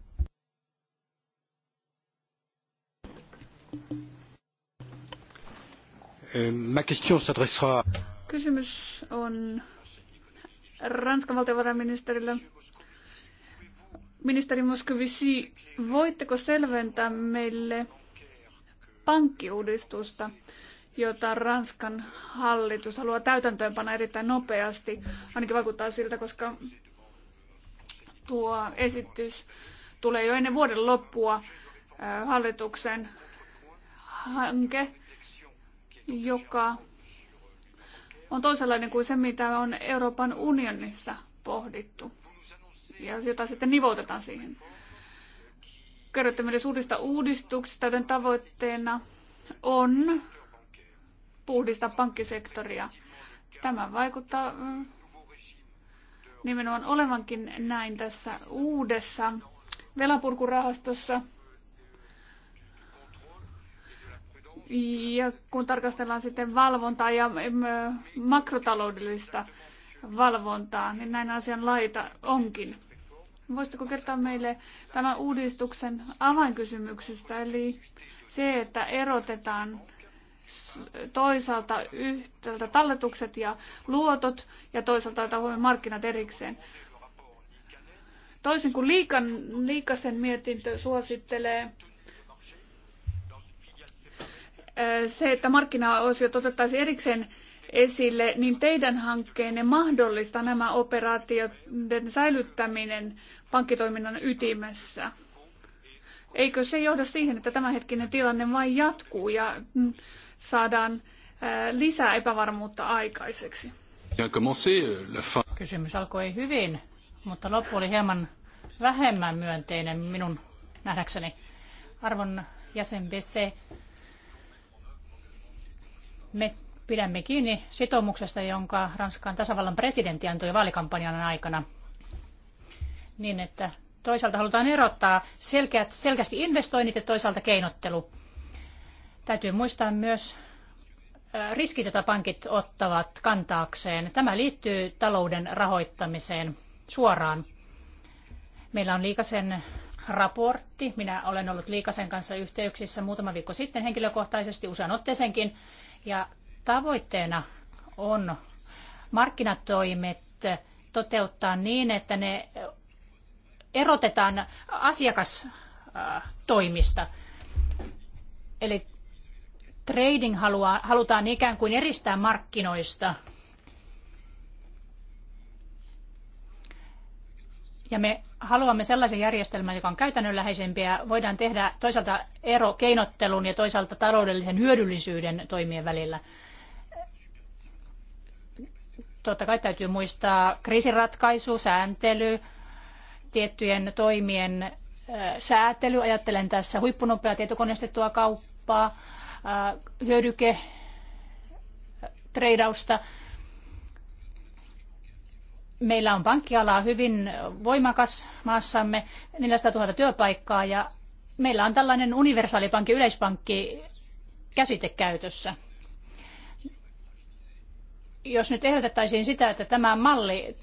Euh, ma question s'adressera... Kysymys on Ranskan valtiovarainministerille. Ministeri Moscovici, voitteko selventää meille pankkiuudistusta, jota Ranskan hallitus haluaa täytäntöönpana erittäin nopeasti? Ainakin vaikuttaa siltä, koska tuo esitys tulee jo ennen vuoden loppua hallituksen hanke, joka on toisenlainen kuin se, mitä on Euroopan unionissa pohdittu ja jota sitten nivoutetaan siihen. Kerrotte meille suurista uudistuksista, joiden tavoitteena on puhdistaa pankkisektoria. Tämä vaikuttaa mm, nimenomaan olevankin näin tässä uudessa velapurkurahastossa. Ja kun tarkastellaan sitten valvontaa ja mm, makrotaloudellista valvontaa, niin näin asian laita onkin. Voisitko kertoa meille tämän uudistuksen avainkysymyksestä, eli se, että erotetaan toisaalta yhtäältä talletukset ja luotot ja toisaalta otetaan huomioon markkinat erikseen. Toisin kuin Liikan, Liikasen mietintö suosittelee, eh, se, että markkinaosiot otettaisiin erikseen esille, niin teidän hankkeenne mahdollistaa nämä operaatioiden säilyttäminen pankkitoiminnan ytimessä. Eikö se johda siihen, että tämänhetkinen tilanne vain jatkuu ja mm, saadaan lisää epävarmuutta aikaiseksi. Euh, Kysymys alkoi hyvin, mutta loppu oli hieman vähemmän myönteinen minun nähdäkseni. Arvon jäsen BC, me pidämme kiinni sitoumuksesta, jonka Ranskan tasavallan presidentti antoi vaalikampanjan aikana. Niin, että toisaalta halutaan erottaa selkeät, selkeästi investoinnit ja toisaalta keinottelu. Täytyy muistaa myös riskit, joita pankit ottavat kantaakseen. Tämä liittyy talouden rahoittamiseen suoraan. Meillä on Liikasen raportti. Minä olen ollut Liikasen kanssa yhteyksissä muutama viikko sitten henkilökohtaisesti usean otteeseenkin. Ja tavoitteena on markkinatoimet toteuttaa niin, että ne erotetaan asiakastoimista. Eli trading haluaa, halutaan ikään kuin eristää markkinoista. Ja me haluamme sellaisen järjestelmän, joka on käytännönläheisempi ja voidaan tehdä toisaalta ero keinottelun ja toisaalta taloudellisen hyödyllisyyden toimien välillä. Totta kai täytyy muistaa kriisiratkaisu, sääntely, tiettyjen toimien säätely. Ajattelen tässä huippunopeaa tietokoneistettua kauppaa, hyödyke treidausta. Meillä on pankkialaa hyvin voimakas maassamme, 400 000 työpaikkaa ja meillä on tällainen universaalipankki, yleispankki käsite käytössä. Jos nyt ehdotettaisiin sitä, että tämä malli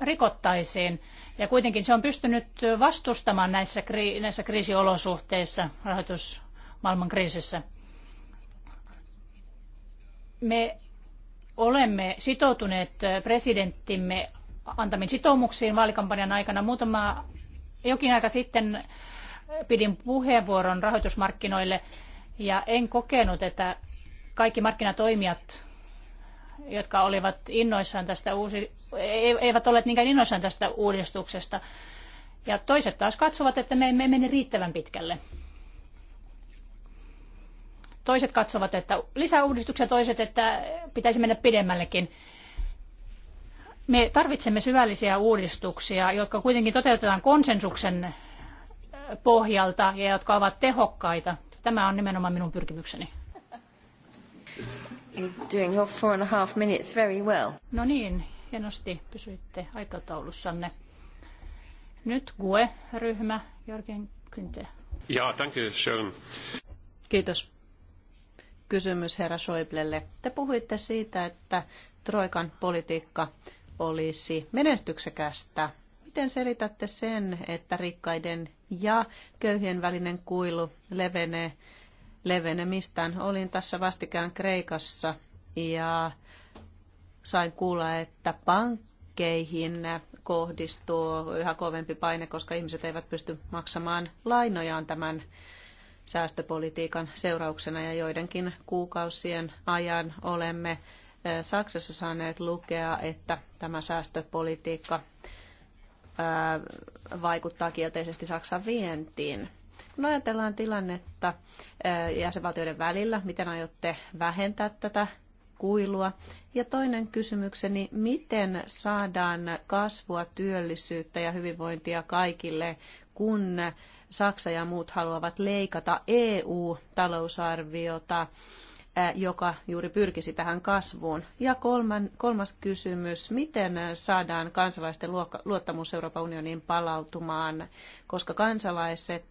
rikottaisiin, ja kuitenkin se on pystynyt vastustamaan näissä, näissä kriisiolosuhteissa, rahoitusmaailman kriisissä – me olemme sitoutuneet presidenttimme antamiin sitoumuksiin vaalikampanjan aikana. Muutama jokin aika sitten pidin puheenvuoron rahoitusmarkkinoille ja en kokenut, että kaikki markkinatoimijat, jotka olivat innoissaan tästä uusi, e, eivät olleet niinkään innoissaan tästä uudistuksesta. Ja toiset taas katsovat, että me emme mene riittävän pitkälle. Toiset katsovat, että lisäuudistuksia, toiset, että pitäisi mennä pidemmällekin. Me tarvitsemme syvällisiä uudistuksia, jotka kuitenkin toteutetaan konsensuksen äh, pohjalta ja jotka ovat tehokkaita. Tämä on nimenomaan minun pyrkimykseni. You're doing your four and a half minutes very well. No niin, hienosti pysyitte aikataulussanne. Nyt GUE-ryhmä, Jörgen Kynte. Ja, danke schön. Kiitos kysymys herra Schäublelle. Te puhuitte siitä, että Troikan politiikka olisi menestyksekästä. Miten selitätte sen, että rikkaiden ja köyhien välinen kuilu levenee levenemistään? Olin tässä vastikään Kreikassa ja sain kuulla, että pankkeihin kohdistuu yhä kovempi paine, koska ihmiset eivät pysty maksamaan lainojaan tämän säästöpolitiikan seurauksena ja joidenkin kuukausien ajan olemme Saksassa saaneet lukea, että tämä säästöpolitiikka vaikuttaa kielteisesti Saksan vientiin. Kun ajatellaan tilannetta jäsenvaltioiden välillä, miten aiotte vähentää tätä kuilua? Ja toinen kysymykseni, miten saadaan kasvua, työllisyyttä ja hyvinvointia kaikille, kun Saksa ja muut haluavat leikata EU-talousarviota, joka juuri pyrkisi tähän kasvuun. Ja kolman, kolmas kysymys, miten saadaan kansalaisten luottamus Euroopan unioniin palautumaan, koska kansalaiset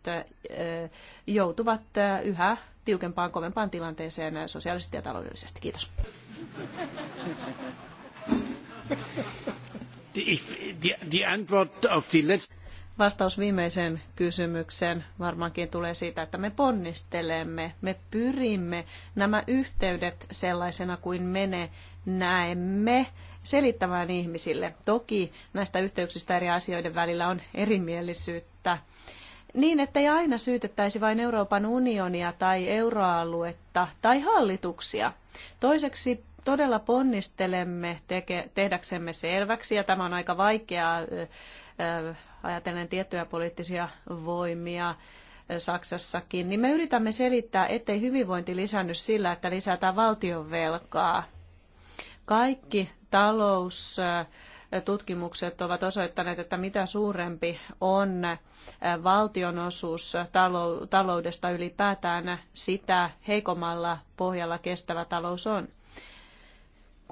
joutuvat yhä tiukempaan, kovempaan tilanteeseen sosiaalisesti ja taloudellisesti. Kiitos. Die, die, die Antwort auf die letzte vastaus viimeiseen kysymykseen varmaankin tulee siitä, että me ponnistelemme, me pyrimme nämä yhteydet sellaisena kuin mene näemme selittämään ihmisille. Toki näistä yhteyksistä eri asioiden välillä on erimielisyyttä. Niin, ei aina syytettäisi vain Euroopan unionia tai euroaluetta tai hallituksia. Toiseksi todella ponnistelemme teke, tehdäksemme selväksi, ja tämä on aika vaikea ajatellen tiettyjä poliittisia voimia Saksassakin, niin me yritämme selittää, ettei hyvinvointi lisännyt sillä, että lisätään valtionvelkaa. Kaikki talous tutkimukset ovat osoittaneet, että mitä suurempi on valtionosuus taloudesta ylipäätään, sitä heikommalla pohjalla kestävä talous on.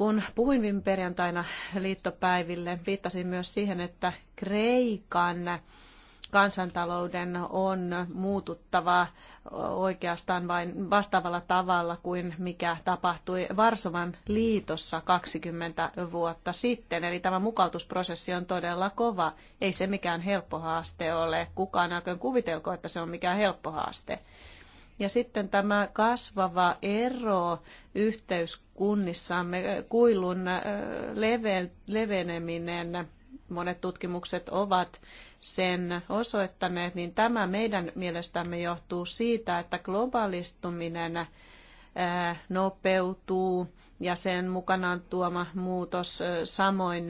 Kun puhuin viime perjantaina liittopäiville, viittasin myös siihen, että Kreikan kansantalouden on muututtava oikeastaan vain vastaavalla tavalla kuin mikä tapahtui Varsovan liitossa 20 vuotta sitten. Eli tämä mukautusprosessi on todella kova. Ei se mikään helppo haaste ole. Kukaan näköjään kuvitelko, että se on mikään helppo haaste. Ja sitten tämä kasvava ero yhteiskunnissamme, kuilun äh, leve, leveneminen, monet tutkimukset ovat sen osoittaneet, niin tämä meidän mielestämme johtuu siitä, että globalistuminen äh, nopeutuu ja sen mukanaan tuoma muutos äh, samoin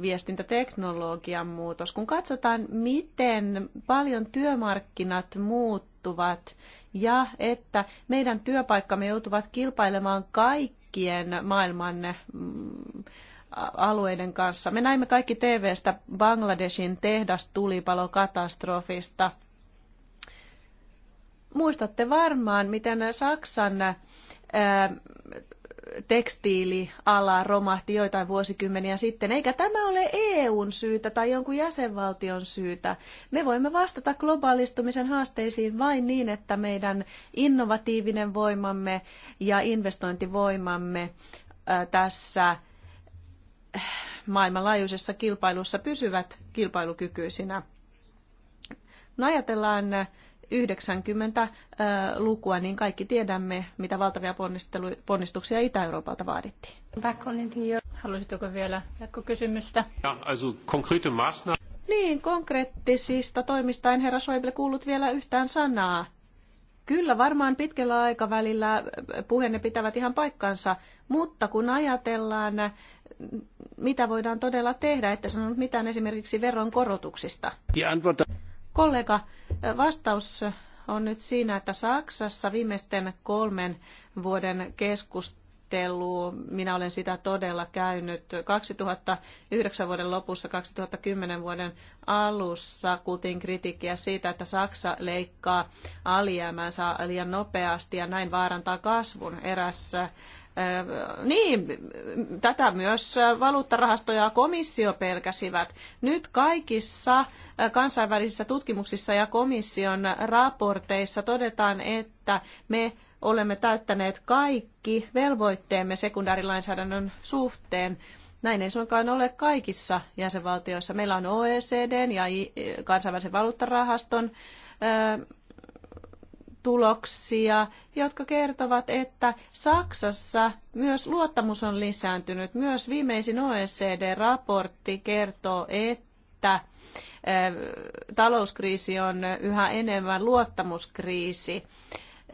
viestintäteknologian muutos. Kun katsotaan, miten paljon työmarkkinat muuttuvat ja että meidän työpaikkamme joutuvat kilpailemaan kaikkien maailman mm, alueiden kanssa. Me näimme kaikki TV-stä Bangladeshin tehdastulipalokatastrofista. Muistatte varmaan, miten Saksan tekstiiliala romahti joitain vuosikymmeniä sitten, eikä tämä ole EUn syytä tai jonkun jäsenvaltion syytä. Me voimme vastata globaalistumisen haasteisiin vain niin, että meidän innovatiivinen voimamme ja investointivoimamme tässä äh, maailmanlaajuisessa kilpailussa pysyvät kilpailukykyisinä. No ajatellaan 90-lukua, niin kaikki tiedämme, mitä valtavia ponnistuksia Itä-Euroopalta vaadittiin. Haluaisitko vielä jatkokysymystä? Ja, also konkrete Maßnahmen. Niin, konkreettisista toimista en herra Soible kuullut vielä yhtään sanaa. Kyllä, varmaan pitkällä aikavälillä puheenne pitävät ihan paikkansa, mutta kun ajatellaan, mitä voidaan todella tehdä, että sanonut mitään esimerkiksi veron korotuksista. Kollega, Vastaus on nyt siinä, että Saksassa viimeisten kolmen vuoden keskustelu, minä olen sitä todella käynyt, 2009 vuoden lopussa, 2010 vuoden alussa kuultiin kritiikkiä siitä, että Saksa leikkaa alijäämänsä liian nopeasti ja näin vaarantaa kasvun. Erässä niin, tätä myös valuuttarahasto ja komissio pelkäsivät. Nyt kaikissa kansainvälisissä tutkimuksissa ja komission raporteissa todetaan, että me olemme täyttäneet kaikki velvoitteemme sekundaarilainsäädännön suhteen. Näin ei suinkaan ole kaikissa jäsenvaltioissa. Meillä on OECDn ja kansainvälisen valuuttarahaston tuloksia, jotka kertovat, että Saksassa myös luottamus on lisääntynyt. Myös viimeisin OECD-raportti kertoo, että eh, talouskriisi on yhä enemmän luottamuskriisi.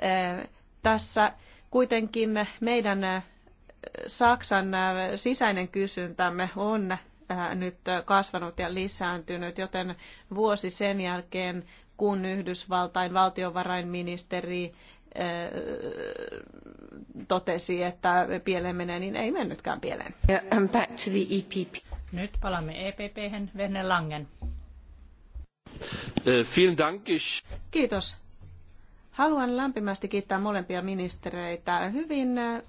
Eh, tässä kuitenkin meidän eh, Saksan sisäinen kysyntämme on nyt kasvanut ja lisääntynyt, joten vuosi sen jälkeen kun Yhdysvaltain valtiovarainministeri totesi, että pieleen menee, niin ei mennytkään pieleen. Back to the EPP. Nyt palaamme EPP-hän Verne Langen. Äh, vielen Dank. Kiitos. Haluan lämpimästi kiittää molempia ministereitä hyvin äh,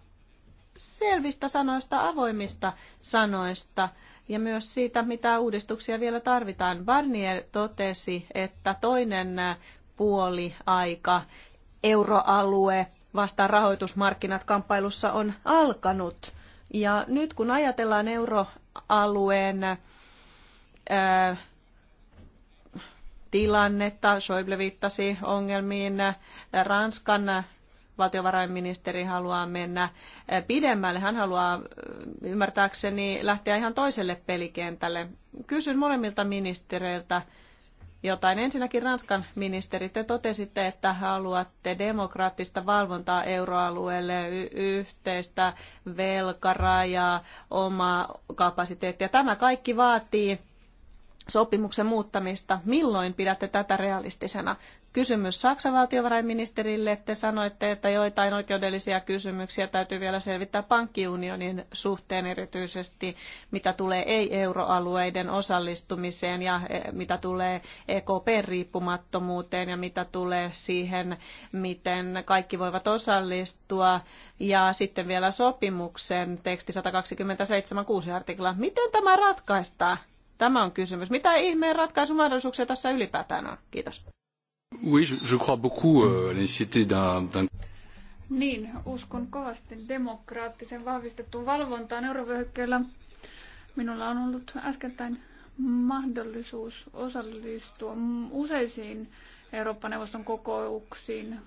selvistä sanoista, avoimista sanoista ja myös siitä, mitä uudistuksia vielä tarvitaan. Barnier totesi, että toinen puoli aika euroalue vastaan rahoitusmarkkinat kamppailussa on alkanut. Ja nyt kun ajatellaan euroalueen ää, äh, tilannetta, Schäuble viittasi ongelmiin äh, Ranskan valtiovarainministeri haluaa mennä eh, pidemmälle. Hän haluaa eh, ymmärtääkseni lähteä ihan toiselle pelikentälle. Kysyn molemmilta ministereiltä jotain. Ensinnäkin Ranskan ministeri, te totesitte, että haluatte demokraattista valvontaa euroalueelle, y- yhteistä velkarajaa, omaa kapasiteettia. Tämä kaikki vaatii sopimuksen muuttamista. Milloin pidätte tätä realistisena? Kysymys Saksan valtiovarainministerille. Te sanoitte, että joitain oikeudellisia kysymyksiä täytyy vielä selvittää pankkiunionin suhteen erityisesti, mitä tulee ei-euroalueiden osallistumiseen ja eh, mitä tulee EKPn riippumattomuuteen ja mitä tulee siihen, miten kaikki voivat osallistua. Ja sitten vielä sopimuksen teksti 127.6 artikla. Miten tämä ratkaistaan? Tämä on kysymys. Mitä ihmeen ratkaisumahdollisuuksia tässä ylipäätään on? Kiitos. Oui, je, je crois beaucoup euh, Niin, uskon kovasti demokraattisen vahvistettuun valvontaan eurovyöhykkeellä. Minulla on ollut äskettäin mahdollisuus osallistua useisiin Euroopan neuvoston kokouksiin.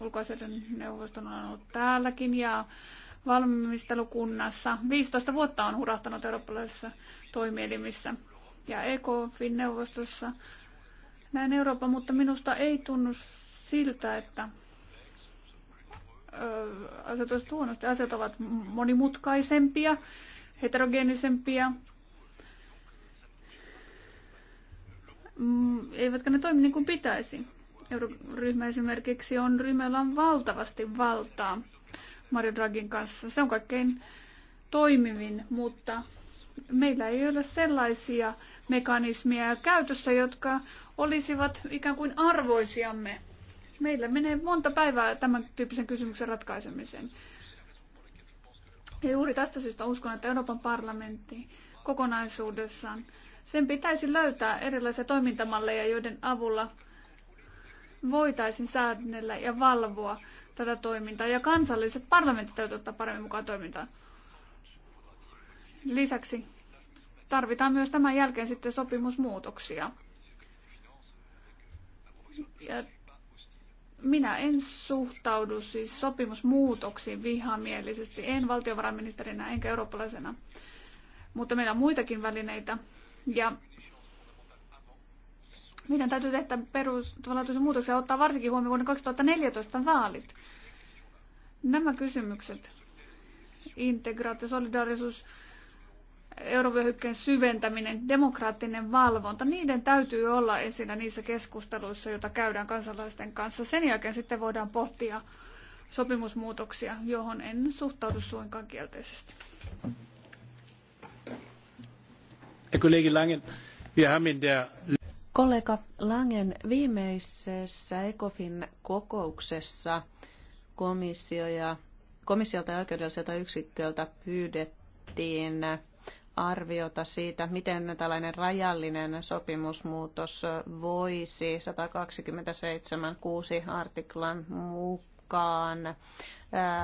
Ulkoasioiden neuvoston on ollut täälläkin ja valmistelukunnassa. 15 vuotta on hurahtanut eurooppalaisessa toimielimissä ja ECOFin neuvostossa näin Euroopan, mutta minusta ei tunnu siltä, että asiat olisivat huonosti. Asiat ovat monimutkaisempia, heterogeenisempia, mm, eivätkä ne toimi niin kuin pitäisi. Euroryhmä esimerkiksi on ryhmällä on valtavasti valtaa Mario Dragin kanssa. Se on kaikkein toimivin, mutta meillä ei ole sellaisia mekanismia käytössä, jotka olisivat ikään kuin arvoisiamme. Meillä menee monta päivää tämän tyyppisen kysymyksen ratkaisemiseen. Ja juuri tästä syystä uskon, että Euroopan parlamentti kokonaisuudessaan, sen pitäisi löytää erilaisia toimintamalleja, joiden avulla voitaisiin säännellä ja valvoa tätä toimintaa. Ja kansalliset parlamentit täytyy ottaa paremmin mukaan toimintaan. Lisäksi tarvitaan myös tämän jälkeen sitten sopimusmuutoksia. Ja minä en suhtaudu siis sopimusmuutoksiin vihamielisesti, en valtiovarainministerinä enkä eurooppalaisena, mutta meillä on muitakin välineitä. Ja meidän täytyy tehdä perustavanlaatuisen muutoksen ja ottaa varsinkin huomioon vuoden 2014 vaalit. Nämä kysymykset, integraatio, solidaarisuus, eurovyöhykkeen syventäminen, demokraattinen valvonta, niiden täytyy olla esillä niissä keskusteluissa, joita käydään kansalaisten kanssa. Sen jälkeen sitten voidaan pohtia sopimusmuutoksia, johon en suhtaudu suinkaan kielteisesti. Kollega Langen viimeisessä ECOFIN kokouksessa komissio ja, komissiolta ja oikeudelliselta yksiköltä pyydettiin arviota siitä, miten tällainen rajallinen sopimusmuutos voisi 127.6 artiklan mukaan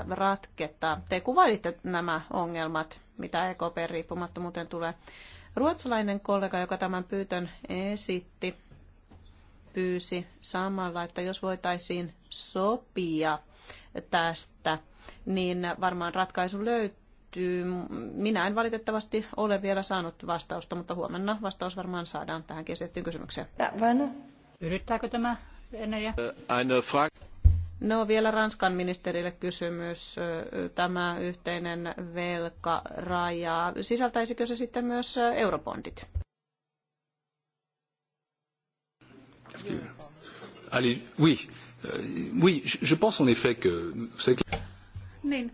ratketa. Te kuvailitte nämä ongelmat, mitä EKPn riippumattomuuteen tulee. Ruotsalainen kollega, joka tämän pyytön esitti, pyysi samalla, että jos voitaisiin sopia tästä, niin varmaan ratkaisu löytyy liittyy. Minä en valitettavasti ole vielä saanut vastausta, mutta huomenna vastaus varmaan saadaan tähän keskitettyyn kysymykseen. Yrittääkö tämä Venäjä? No vielä Ranskan ministerille kysymys. Tämä yhteinen velkaraja, sisältäisikö se sitten myös eurobondit? Allez, oui, euh, oui, je pense en effet que... Niin,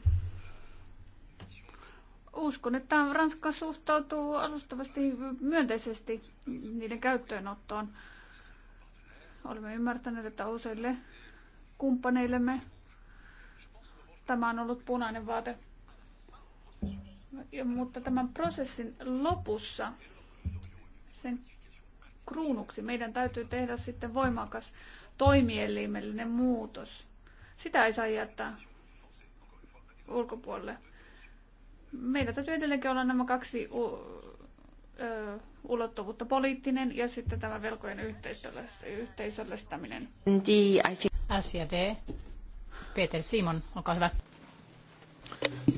uskon, että Ranska suhtautuu alustavasti myönteisesti niiden käyttöönottoon. Olemme ymmärtäneet, että useille kumppaneillemme tämä on ollut punainen vaate. Ja, mutta tämän prosessin lopussa sen kruunuksi meidän täytyy tehdä sitten voimakas toimielimellinen muutos. Sitä ei saa jättää ulkopuolelle meillä täytyy edelleenkin olla nämä kaksi ö, ulottuvuutta, poliittinen ja sitten tämä velkojen yhteisöllistäminen. Asia D. Peter Simon, olkaa hyvä.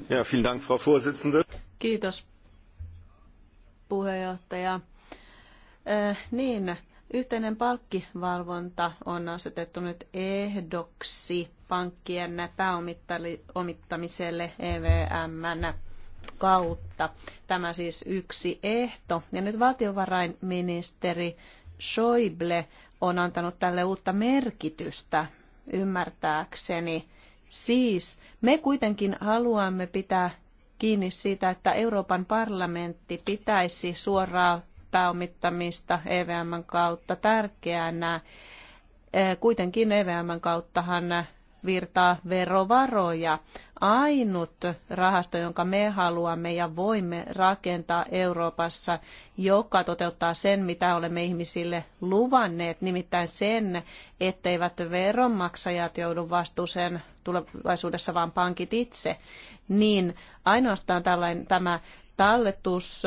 Ja, vielen Dank, Frau Vorsitzende. Kiitos, puheenjohtaja. Äh, niin, yhteinen palkkivalvonta on asetettu nyt ehdoksi pankkien pääomittamiselle EVM kautta. Tämä siis yksi ehto. Ja nyt valtiovarainministeri Schäuble on antanut tälle uutta merkitystä ymmärtääkseni. Siis me kuitenkin haluamme pitää kiinni siitä, että Euroopan parlamentti pitäisi suoraa pääomittamista EVM kautta tärkeänä. Kuitenkin EVM kauttahan virtaa verovaroja. Ainut rahasto, jonka me haluamme ja voimme rakentaa Euroopassa, joka toteuttaa sen, mitä olemme ihmisille luvanneet, nimittäin sen, etteivät veronmaksajat joudu vastuuseen tulevaisuudessa, vaan pankit itse, niin ainoastaan tällainen, tämä talletus,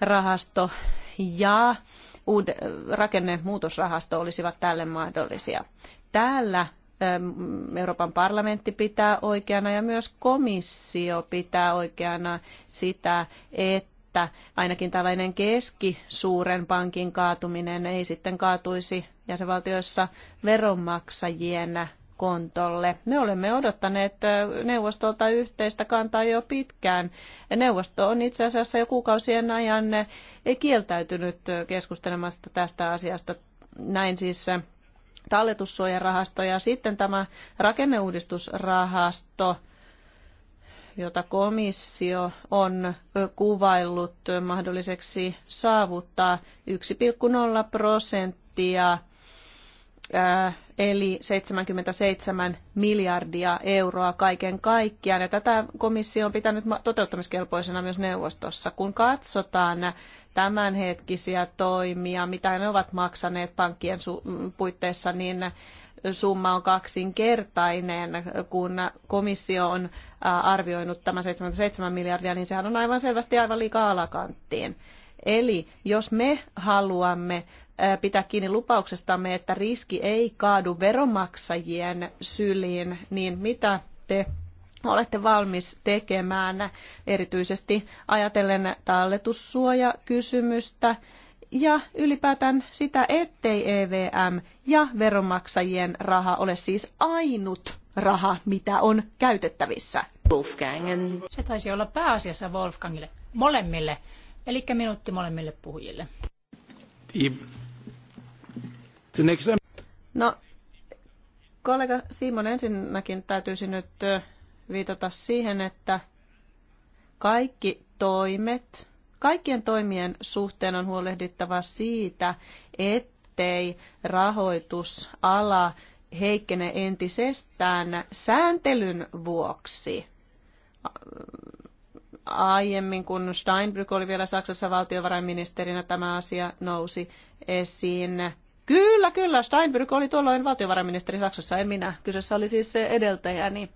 rahasto ja uud- rakennemuutosrahasto olisivat tälle mahdollisia. Täällä Euroopan parlamentti pitää oikeana ja myös komissio pitää oikeana sitä, että että ainakin tällainen keskisuuren pankin kaatuminen ei sitten kaatuisi jäsenvaltioissa veronmaksajien kontolle. Me olemme odottaneet äh, neuvostolta yhteistä kantaa jo pitkään. Neuvosto on itse asiassa jo kuukausien ajan äh, kieltäytynyt äh, keskustelemasta tästä asiasta. Näin siis talletussuojarahasto ja sitten tämä rakenneuudistusrahasto, jota komissio on kuvaillut mahdolliseksi saavuttaa 1,0 prosenttia eli 77 miljardia euroa kaiken kaikkiaan. Ja tätä komissio on pitänyt toteuttamiskelpoisena myös neuvostossa. Kun katsotaan tämänhetkisiä toimia, mitä ne ovat maksaneet pankkien puitteissa, niin summa on kaksinkertainen, kun komissio on arvioinut tämän 77 miljardia, niin sehän on aivan selvästi aivan liikaa alakanttiin. Eli jos me haluamme pitää kiinni lupauksestamme, että riski ei kaadu veronmaksajien syliin, niin mitä te olette valmis tekemään, erityisesti ajatellen talletussuojakysymystä ja ylipäätään sitä, ettei EVM ja veronmaksajien raha ole siis ainut raha, mitä on käytettävissä. Wolfgangen, Se taisi olla pääasiassa Wolfgangille, molemmille, eli minuutti molemmille puhujille. Die No, kollega Simon, ensinnäkin täytyisi nyt viitata siihen, että kaikki toimet, kaikkien toimien suhteen on huolehdittava siitä, ettei rahoitusala heikkene entisestään sääntelyn vuoksi. Aiemmin, kun Steinbrück oli vielä Saksassa valtiovarainministerinä, tämä asia nousi esiin Kyllä, kyllä. Steinbrück oli tuolloin valtiovarainministeri Saksassa, en minä. Kyseessä oli siis se edeltäjäni.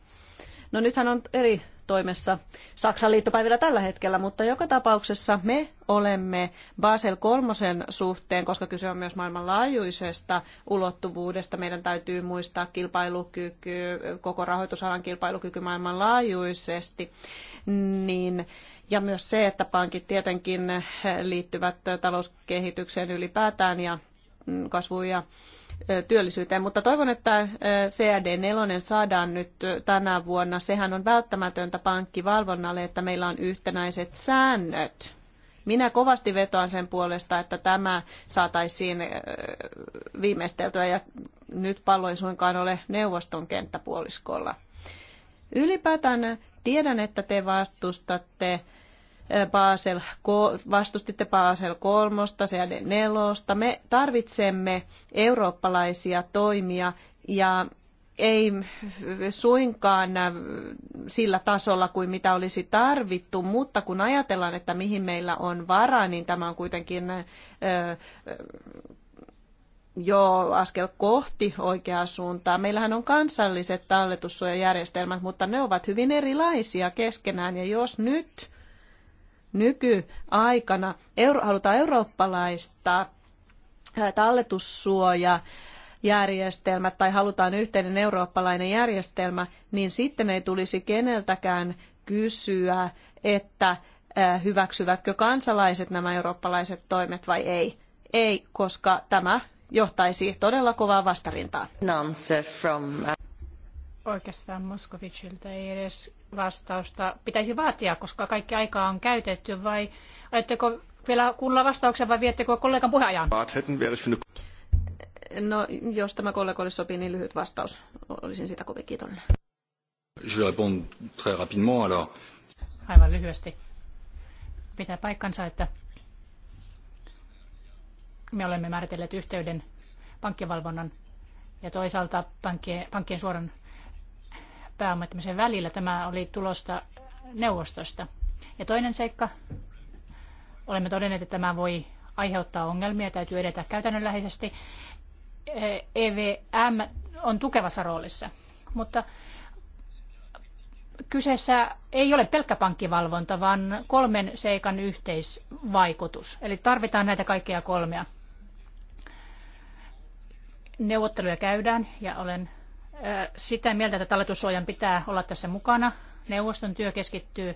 No nythän on eri toimessa Saksan liittopäivillä tällä hetkellä, mutta joka tapauksessa me olemme Basel kolmosen suhteen, koska kyse on myös maailmanlaajuisesta ulottuvuudesta. Meidän täytyy muistaa kilpailukyky, koko rahoitusalan kilpailukyky maailmanlaajuisesti. Niin ja myös se, että pankit tietenkin liittyvät talouskehitykseen ylipäätään ja kasvuun ja työllisyyteen, mutta toivon, että CAD 4 saadaan nyt tänä vuonna. Sehän on välttämätöntä pankkivalvonnalle, että meillä on yhtenäiset säännöt. Minä kovasti vetoan sen puolesta, että tämä saataisiin viimeisteltyä ja nyt pallo ei suinkaan ole neuvoston kenttäpuoliskolla. Ylipäätään tiedän, että te vastustatte Basel, vastustitte Basel kolmosta, CD nelosta. Me tarvitsemme eurooppalaisia toimia ja ei suinkaan sillä tasolla kuin mitä olisi tarvittu, mutta kun ajatellaan, että mihin meillä on varaa, niin tämä on kuitenkin jo askel kohti oikeaa suuntaa. Meillähän on kansalliset talletussuojajärjestelmät, mutta ne ovat hyvin erilaisia keskenään ja jos nyt nykyaikana euro, halutaan eurooppalaista talletussuoja järjestelmät tai halutaan yhteinen eurooppalainen järjestelmä, niin sitten ei tulisi keneltäkään kysyä, että hyväksyvätkö kansalaiset nämä eurooppalaiset toimet vai ei. Ei, koska tämä johtaisi todella kovaa vastarintaa. From... Uh, Oikeastaan Moskovicilta ei edes vastausta pitäisi vaatia, koska kaikki aikaa on käytetty, vai ajatteko vielä kuulla vastauksen vai viettekö kollegan puheajan? No, jos tämä olisi sopii, niin lyhyt vastaus. Olisin sitä kovin kiitollinen. Je réponds très rapidement alors. Aivan lyhyesti. Pitää paikkansa, että me olemme määritelleet yhteyden pankkivalvonnan ja toisaalta pankkien, pankkien suoran pääomittamisen välillä. Tämä oli tulosta neuvostosta. Ja toinen seikka, olemme todenneet, että tämä voi aiheuttaa ongelmia, täytyy edetä käytännönläheisesti. EVM on tukevassa roolissa, mutta kyseessä ei ole pelkkä pankkivalvonta, vaan kolmen seikan yhteisvaikutus. Eli tarvitaan näitä kaikkia kolmea. Neuvotteluja käydään ja olen sitä mieltä, että talletussuojan pitää olla tässä mukana. Neuvoston työ keskittyy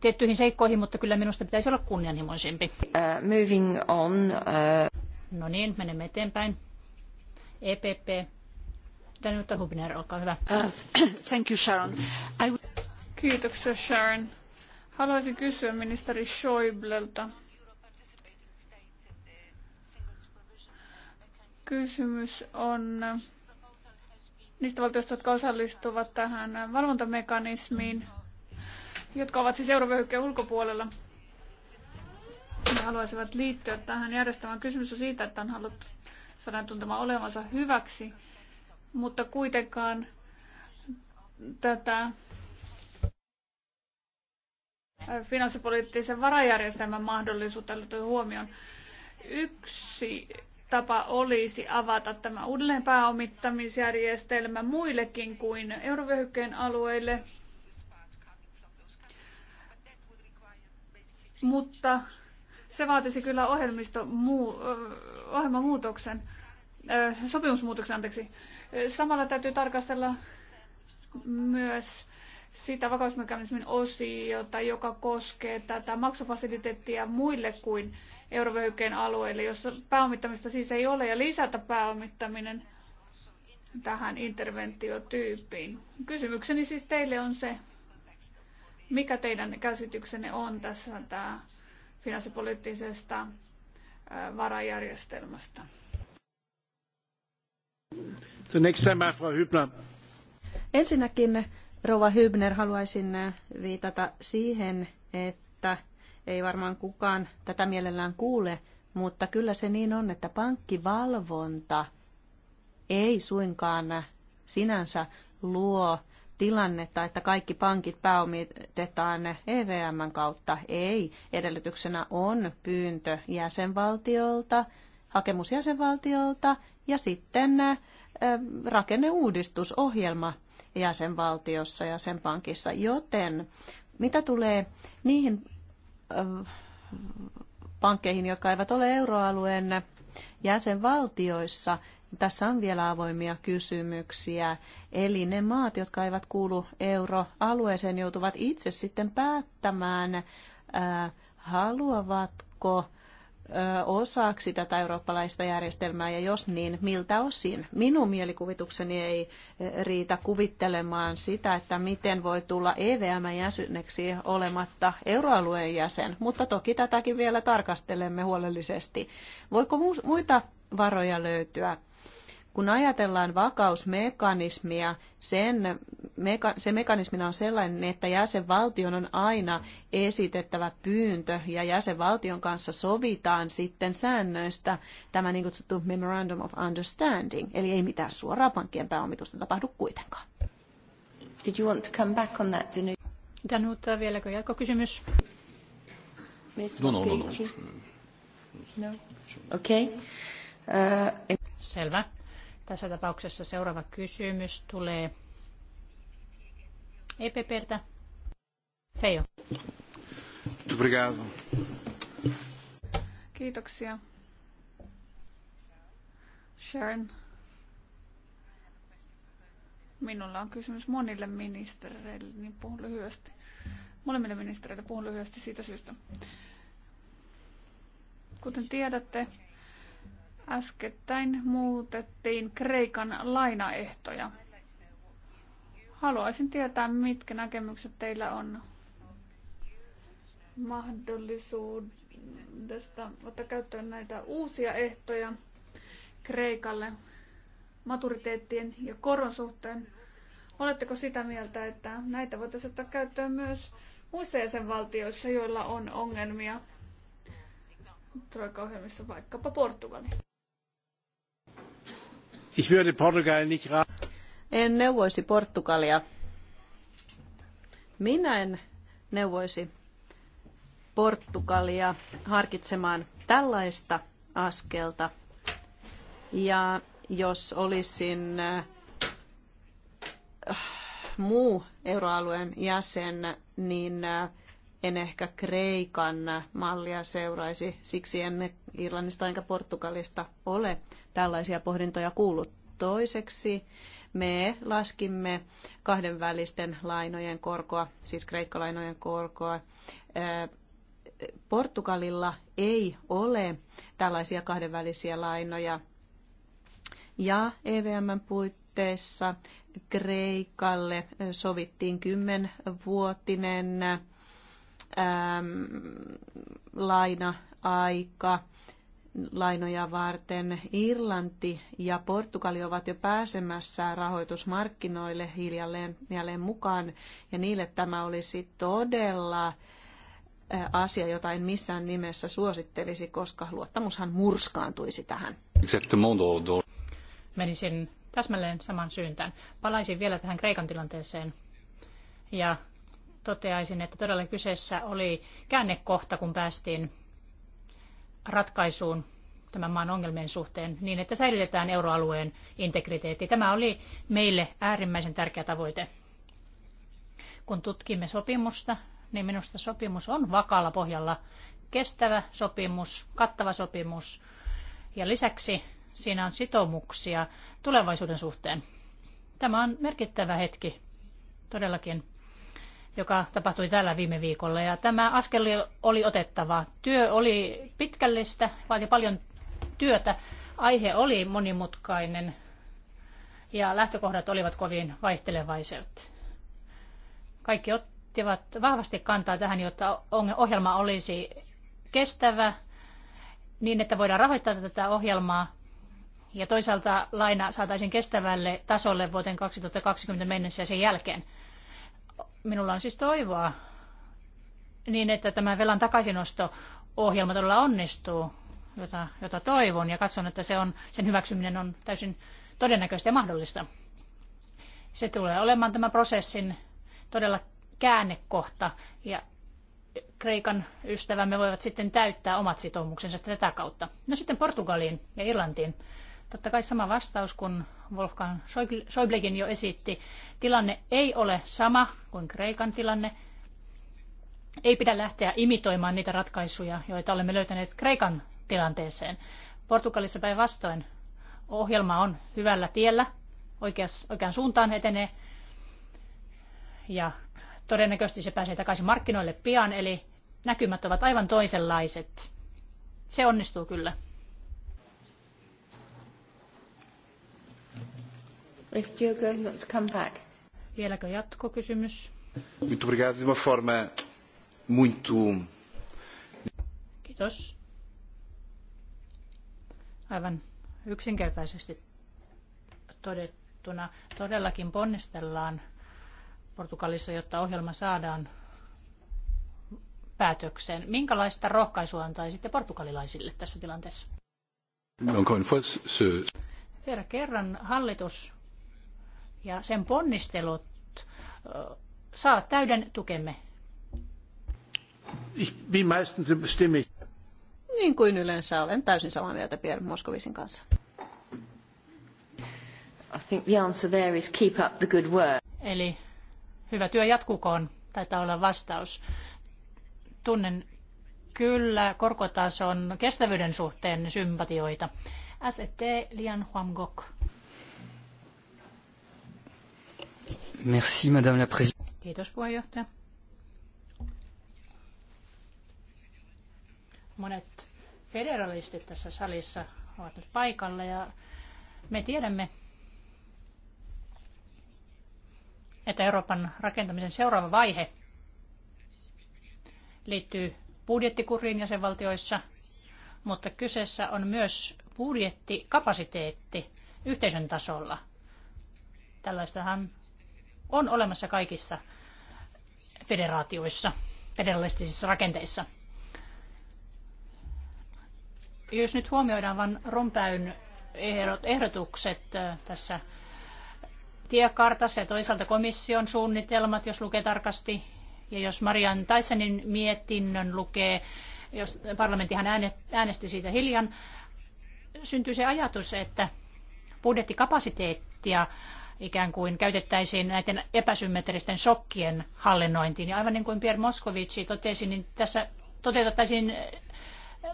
tiettyihin seikkoihin, mutta kyllä minusta pitäisi olla kunnianhimoisempi. Uh, moving on. Uh... No niin, menemme eteenpäin. EPP. Danuta Hubner, olkaa hyvä. Uh, (clears throat) thank you, Sharon. I... Kiitoksia, Sharon. Haluaisin kysyä ministeri Schäublelta Kysymys on niistä valtioista, jotka osallistuvat tähän valvontamekanismiin, jotka ovat siis eurovyöhykkeen ulkopuolella ja haluaisivat liittyä tähän järjestelmään. Kysymys on siitä, että on haluttu saada tuntemaan olevansa hyväksi, mutta kuitenkaan tätä finanssipoliittisen varajärjestelmän mahdollisuutta ei huomioon. Yksi tapa olisi avata tämä uudelleen pääomittamisjärjestelmä muillekin kuin eurovyöhykkeen alueille. Mutta se vaatisi kyllä ohjelmisto muu, ohjelmamuutoksen, sopimusmuutoksen, anteeksi. Samalla täytyy tarkastella myös sitä vakausmekanismin osiota, joka koskee tätä maksufasiliteettia muille kuin eurovyöhykkeen alueille, jossa pääomittamista siis ei ole, ja lisätä pääomittaminen tähän interventiotyyppiin. Kysymykseni siis teille on se, mikä teidän käsityksenne on tässä tämä finanssipoliittisesta varajärjestelmästä? Zunächst einmal, uh, Frau Hübner. Ensinnäkin Rova Hübner haluaisin viitata siihen, että ei varmaan kukaan tätä mielellään kuule, mutta kyllä se niin on, että pankkivalvonta ei suinkaan sinänsä luo tilannetta, että kaikki pankit pääomitetaan EVMn kautta. Ei. Edellytyksenä on pyyntö jäsenvaltiolta, hakemus jäsenvaltiolta ja sitten rakenneuudistusohjelma jäsenvaltiossa ja sen pankissa. Joten mitä tulee niihin pankkeihin, jotka eivät ole euroalueen jäsenvaltioissa. Tässä on vielä avoimia kysymyksiä. Eli ne maat, jotka eivät kuulu euroalueeseen, joutuvat itse sitten päättämään, haluavatko osaksi tätä eurooppalaista järjestelmää ja jos niin, miltä osin? Minun mielikuvitukseni ei riitä kuvittelemaan sitä, että miten voi tulla EVM-jäseneksi olematta euroalueen jäsen, mutta toki tätäkin vielä tarkastelemme huolellisesti. Voiko muita varoja löytyä? Kun ajatellaan vakausmekanismia, sen, meka, se mekanismina on sellainen, että jäsenvaltion on aina esitettävä pyyntö ja jäsenvaltion kanssa sovitaan sitten säännöistä tämä niin kutsuttu Memorandum of Understanding, eli ei mitään suoraa pankkien pääomitusta tapahdu kuitenkaan. Did you want to come back on that, Danuta? Danuta, vieläkö jatkokysymys? No, no, no, no. Mm. no. Okay. Uh, Selvä. Tässä tapauksessa seuraava kysymys tulee EPPltä. Feijo. Kiitoksia. Sharon. Minulla on kysymys monille ministereille, niin puhun lyhyesti. Molemmille ministereille puhun lyhyesti siitä syystä. Kuten tiedätte, Äskettäin muutettiin Kreikan lainaehtoja. Haluaisin tietää, mitkä näkemykset teillä on mahdollisuudesta ottaa käyttöön näitä uusia ehtoja Kreikalle maturiteettien ja koron suhteen. Oletteko sitä mieltä, että näitä voitaisiin ottaa käyttöön myös muissa jäsenvaltioissa, joilla on ongelmia troikaohjelmissa, vaikkapa Portugali? Ich würde Portugal nicht en neuvoisi Portugalia. Minä en neuvoisi Portugalia harkitsemaan tällaista askelta. Ja jos olisin äh, muu euroalueen jäsen, niin äh, en ehkä Kreikan mallia seuraisi. Siksi en Irlannista enkä Portugalista ole tällaisia pohdintoja kuullut. Toiseksi me laskimme kahdenvälisten lainojen korkoa, siis kreikkalainojen korkoa. Äh, Portugalilla ei ole tällaisia kahdenvälisiä lainoja. Ja EVMn puitteissa Kreikalle sovittiin kymmenvuotinen vuotinen äm, laina-aika lainoja varten. Irlanti ja Portugali ovat jo pääsemässä rahoitusmarkkinoille hiljalleen jälleen mukaan, ja niille tämä olisi todella asia, jota en missään nimessä suosittelisi, koska luottamushan murskaantuisi tähän. Menisin täsmälleen saman syyntään. Palaisin vielä tähän Kreikan tilanteeseen ja toteaisin, että todella kyseessä oli käännekohta, kun päästiin ratkaisuun tämän maan ongelmien suhteen niin, että säilytetään euroalueen integriteetti. Tämä oli meille äärimmäisen tärkeä tavoite. Kun tutkimme sopimusta, niin minusta sopimus on vakaalla pohjalla kestävä sopimus, kattava sopimus ja lisäksi siinä on sitoumuksia tulevaisuuden suhteen. Tämä on merkittävä hetki todellakin joka tapahtui täällä viime viikolla. Ja tämä askel oli otettava. Työ oli pitkällistä, vaati paljon työtä. Aihe oli monimutkainen ja lähtökohdat olivat kovin vaihtelevaiset. Kaikki ottivat vahvasti kantaa tähän, jotta ohjelma olisi kestävä niin, että voidaan rahoittaa tätä ohjelmaa ja toisaalta laina saataisiin kestävälle tasolle vuoteen 2020 mennessä ja sen jälkeen. Minulla on siis toivoa niin, että tämä velan takaisinosto-ohjelma todella onnistuu, jota, jota toivon ja katson, että se on, sen hyväksyminen on täysin todennäköistä ja mahdollista. Se tulee olemaan tämä prosessin todella käännekohta ja Kreikan ystävämme voivat sitten täyttää omat sitoumuksensa tätä kautta. No sitten Portugaliin ja Irlantiin. Totta kai sama vastaus kuin Wolfgang Schäublekin jo esitti. Tilanne ei ole sama kuin Kreikan tilanne. Ei pidä lähteä imitoimaan niitä ratkaisuja, joita olemme löytäneet Kreikan tilanteeseen. Portugalissa päinvastoin ohjelma on hyvällä tiellä, oikeas, oikeaan suuntaan etenee ja todennäköisesti se pääsee takaisin markkinoille pian, eli näkymät ovat aivan toisenlaiset. Se onnistuu kyllä. Vieläkö jatkokysymys? Muito obrigado de uma forma muito... Kiitos. Aivan yksinkertaisesti todettuna todellakin ponnistellaan Portugalissa, jotta ohjelma saadaan päätökseen. Minkälaista rohkaisua antaisitte portugalilaisille tässä tilanteessa? Vielä kerran hallitus ja sen ponnistelut saa täyden tukemme. Wie meistens stimme ich. Niin kuin yleensä olen täysin samaa mieltä Pierre Moskovisin kanssa. I think the answer there is keep up the good work. Eli hyvä työ jatkukoon, taitaa olla vastaus. Tunnen kyllä korkotason kestävyyden suhteen sympatioita. S&T Lian Huamgok. Merci, Madame la Présidente. Kiitos puheenjohtaja. Monet federalistit tässä salissa ovat nyt paikalla ja me tiedämme, että Euroopan rakentamisen seuraava vaihe liittyy budjettikuriin jäsenvaltioissa, mutta kyseessä on myös budjettikapasiteetti yhteisön tasolla. Tällaistahan on olemassa kaikissa federaatioissa, federalistisissa rakenteissa. Jos nyt huomioidaan Van Rompäyn ehdotukset äh, tässä tiekartassa ja toisaalta komission suunnitelmat, jos lukee tarkasti, ja jos Marian Taisenin mietinnön lukee, jos parlamenttihan äänesti siitä hiljan, syntyy se ajatus, että budjettikapasiteettia ikään kuin käytettäisiin näiden epäsymmetristen shokkien hallinnointiin. Ja aivan niin kuin Pierre Moskovici totesi, niin tässä toteutettaisiin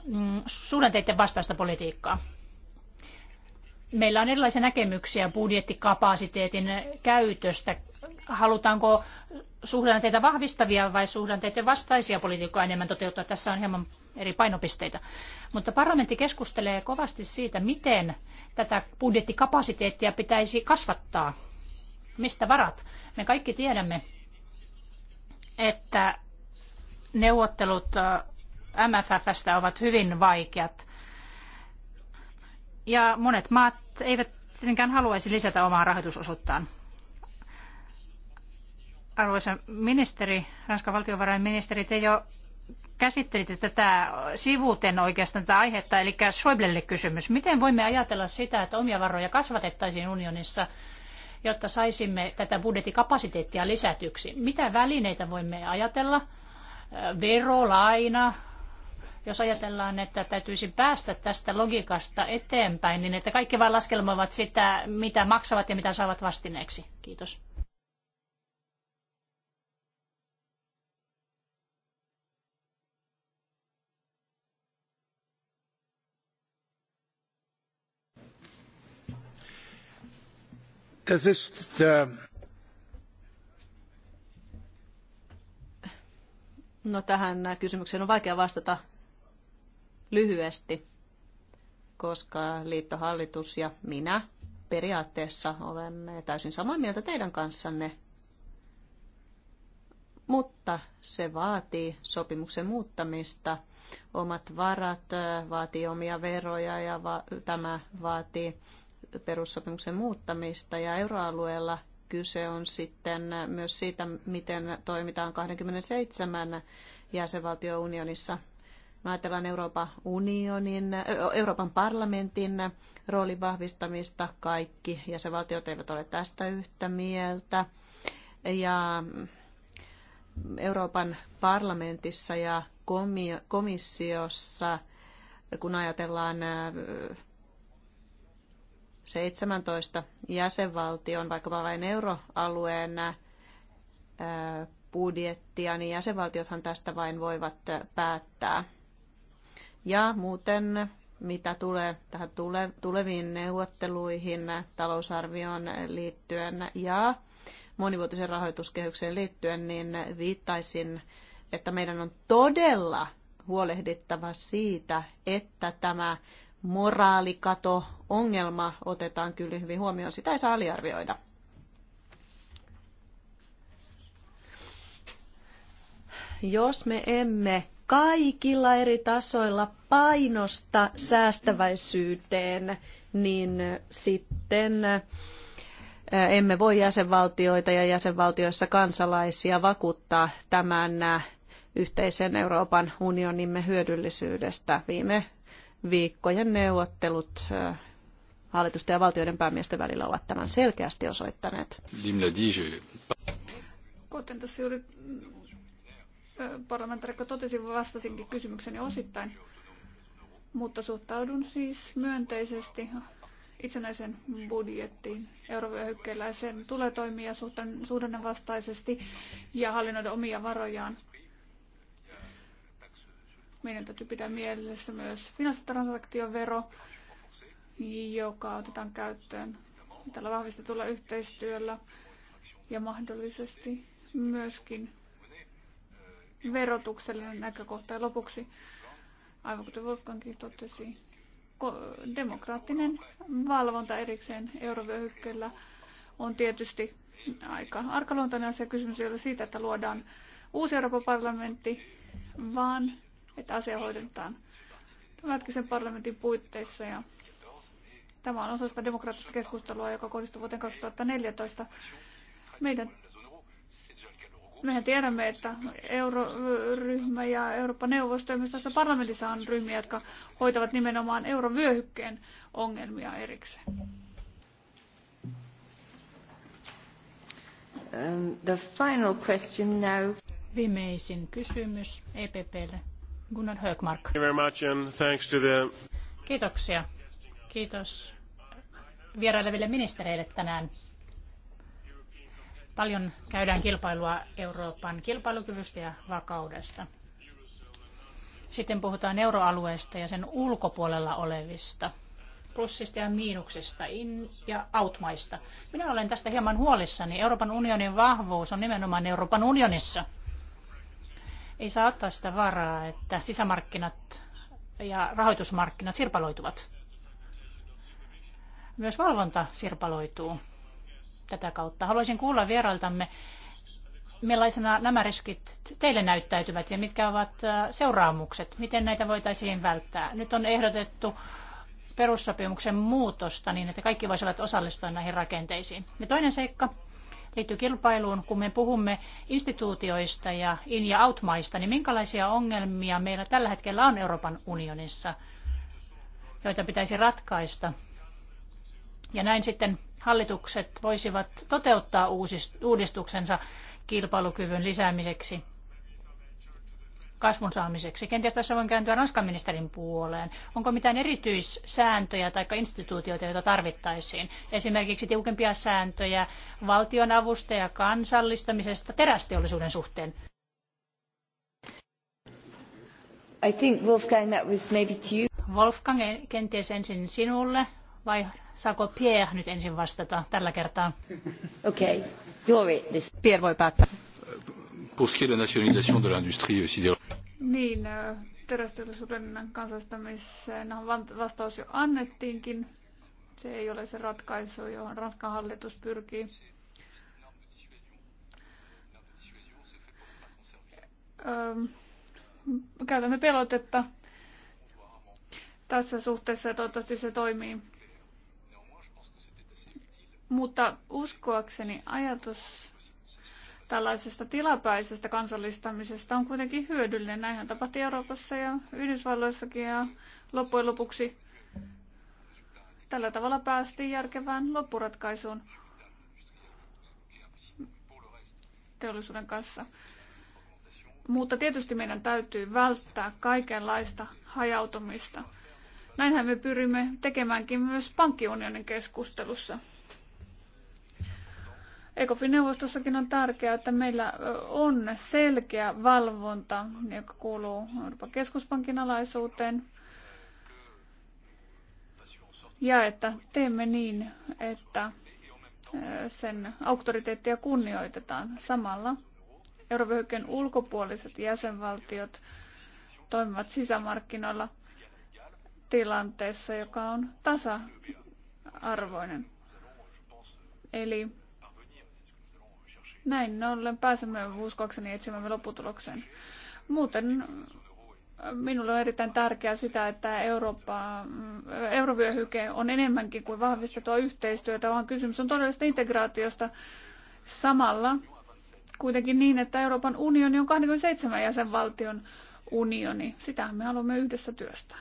mm, suhdanteiden vastaista politiikkaa. Meillä on erilaisia näkemyksiä budjettikapasiteetin käytöstä. Halutaanko suhdanteita vahvistavia vai suhdanteiden vastaisia politiikkoja enemmän toteuttaa? Tässä on hieman eri painopisteitä. Mutta parlamentti keskustelee kovasti siitä, miten Tätä budjettikapasiteettia pitäisi kasvattaa. Mistä varat? Me kaikki tiedämme, että neuvottelut äh, MFFstä ovat hyvin vaikeat. Ja monet maat eivät tietenkään haluaisi lisätä omaa rahoitusosuuttaan. Arvoisa ministeri, Ranskan valtiovarainministeri, te jo käsittelitte tätä sivuten oikeastaan tätä aihetta, eli Schäublelle kysymys. Miten voimme ajatella sitä, että omia varoja kasvatettaisiin unionissa, jotta saisimme tätä budjettikapasiteettia lisätyksi? Mitä välineitä voimme ajatella? Vero, laina, jos ajatellaan, että täytyisi päästä tästä logiikasta eteenpäin, niin että kaikki vain laskelmoivat sitä, mitä maksavat ja mitä saavat vastineeksi. Kiitos. Das ist, äh, No tähän kysymykseen on vaikea vastata lyhyesti, koska liittohallitus ja minä periaatteessa olemme täysin samaa mieltä teidän kanssanne. Mutta se vaatii sopimuksen muuttamista. Omat varat äh, vaatii omia veroja ja va- tämä vaatii perussopimuksen muuttamista ja euroalueella kyse on sitten myös siitä, miten toimitaan 27 jäsenvaltiounionissa. Mä ajatellaan Euroopan unionin, Euroopan parlamentin roolin vahvistamista. Kaikki jäsenvaltiot eivät ole tästä yhtä mieltä. Ja Euroopan parlamentissa ja komissiossa, kun ajatellaan 17 jäsenvaltion, vaikka vain euroalueen budjettia, niin jäsenvaltiothan tästä vain voivat päättää. Ja muuten, mitä tulee tähän tule, tuleviin neuvotteluihin talousarvioon liittyen ja monivuotisen rahoituskehykseen liittyen, niin viittaisin, että meidän on todella huolehdittava siitä, että tämä moraalikato ongelma otetaan kyllä hyvin huomioon. Sitä ei saa aliarvioida. Jos me emme kaikilla eri tasoilla painosta säästäväisyyteen, niin sitten eh, emme voi jäsenvaltioita ja jäsenvaltioissa kansalaisia vakuuttaa tämän eh, yhteisen Euroopan unionimme hyödyllisyydestä. Viime viikkojen neuvottelut hallitusten ja valtioiden päämiesten välillä ovat tämän selkeästi osoittaneet. Kuten tässä juuri parlamentaarikko totesi, vastasinkin kysymykseni osittain, mutta suhtaudun siis myönteisesti itsenäisen budjettiin eurovyöhykkeellä ja sen tulee toimia suhdannevastaisesti ja hallinnoida omia varojaan meidän täytyy pitää mielessä myös finanssitransaktiovero, joka otetaan käyttöön tällä vahvistetulla yhteistyöllä ja mahdollisesti myöskin verotuksellinen näkökohta. Ja lopuksi, aivan kuten Wolfgangkin totesi, demokraattinen valvonta erikseen eurovyöhykkeellä on tietysti aika arkaluontainen asia. Kysymys ei ole siitä, että luodaan uusi Euroopan parlamentti, vaan että asia hoidetaan tämänhetkisen parlamentin puitteissa. Ja tämä on osa sitä demokraattista keskustelua, joka kohdistui vuoteen 2014. Meidän mehän tiedämme, että euroryhmä ja Euroopan neuvosto ja myös tässä parlamentissa on ryhmiä, jotka hoitavat nimenomaan eurovyöhykkeen ongelmia erikseen. Um, the final question now. Viimeisin kysymys EPPlle. Gunnar Högmark. Kiitoksia. Kiitos vieraileville ministereille tänään. Paljon käydään kilpailua Euroopan kilpailukyvystä ja vakaudesta. Sitten puhutaan euroalueesta ja sen ulkopuolella olevista plussista ja miinuksista in- ja outmaista. Minä olen tästä hieman huolissani. Euroopan unionin vahvuus on nimenomaan Euroopan unionissa – ei saa ottaa sitä varaa, että sisämarkkinat ja rahoitusmarkkinat sirpaloituvat. Myös valvonta sirpaloituu tätä kautta. Haluaisin kuulla vierailtamme, millaisena nämä riskit teille näyttäytyvät ja mitkä ovat äh, seuraamukset, miten näitä voitaisiin välttää. Nyt on ehdotettu perussopimuksen muutosta niin, että kaikki voisivat osallistua näihin rakenteisiin. Ja toinen seikka, liittyy kilpailuun. Kun me puhumme instituutioista ja in- ja out-maista, niin minkälaisia ongelmia meillä tällä hetkellä on Euroopan unionissa, joita pitäisi ratkaista? Ja näin sitten hallitukset voisivat toteuttaa uudistuksensa kilpailukyvyn lisäämiseksi kasvun saamiseksi. Kenties tässä voin kääntyä Ranskan ministerin puoleen. Onko mitään erityissääntöjä tai instituutioita, joita tarvittaisiin? Esimerkiksi tiukempia sääntöjä valtion avusta ja kansallistamisesta terästeollisuuden suhteen? I think Wolfgang, that was maybe to you. Wolfgang, kenties ensin sinulle, vai saako Pierre nyt ensin vastata tällä kertaa? Okei, okay. Pierre voi päättää. Pour ce qui est de la nationalisation de l'industrie euh, sidérurgique. Niin, terästeollisuuden kansallistamiseen no, vastaus jo annettiinkin. Se ei ole se ratkaisu, johon Ranskan hallitus pyrkii. käytämme pelotetta tässä suhteessa ja toivottavasti se toimii. Mutta uskoakseni ajatus tällaisesta tilapäisestä kansallistamisesta on kuitenkin hyödyllinen. Näinhän tapahtui Euroopassa ja Yhdysvalloissakin ja loppujen lopuksi tällä tavalla päästiin järkevään loppuratkaisuun teollisuuden kanssa. Mutta tietysti meidän täytyy välttää kaikenlaista hajautumista. Näinhän me pyrimme tekemäänkin myös pankkiunionin keskustelussa. ECOFIN-neuvostossakin on tärkeää, että meillä on selkeä valvonta, joka kuuluu Euroopan keskuspankin alaisuuteen. Ja että teemme niin, että sen auktoriteettia kunnioitetaan. Samalla eurovyöhykkeen ulkopuoliset jäsenvaltiot toimivat sisämarkkinoilla tilanteessa, joka on tasa-arvoinen. Eli näin ollen pääsemme uskoakseni etsimään lopputulokseen. Muuten äh, minulle on erittäin tärkeää sitä, että Eurooppa, äh, eurovyöhyke on enemmänkin kuin vahvistettua yhteistyötä, vaan kysymys on todellisesta integraatiosta samalla kuitenkin niin, että Euroopan unioni on 27 jäsenvaltion unioni. sitä me haluamme yhdessä työstää.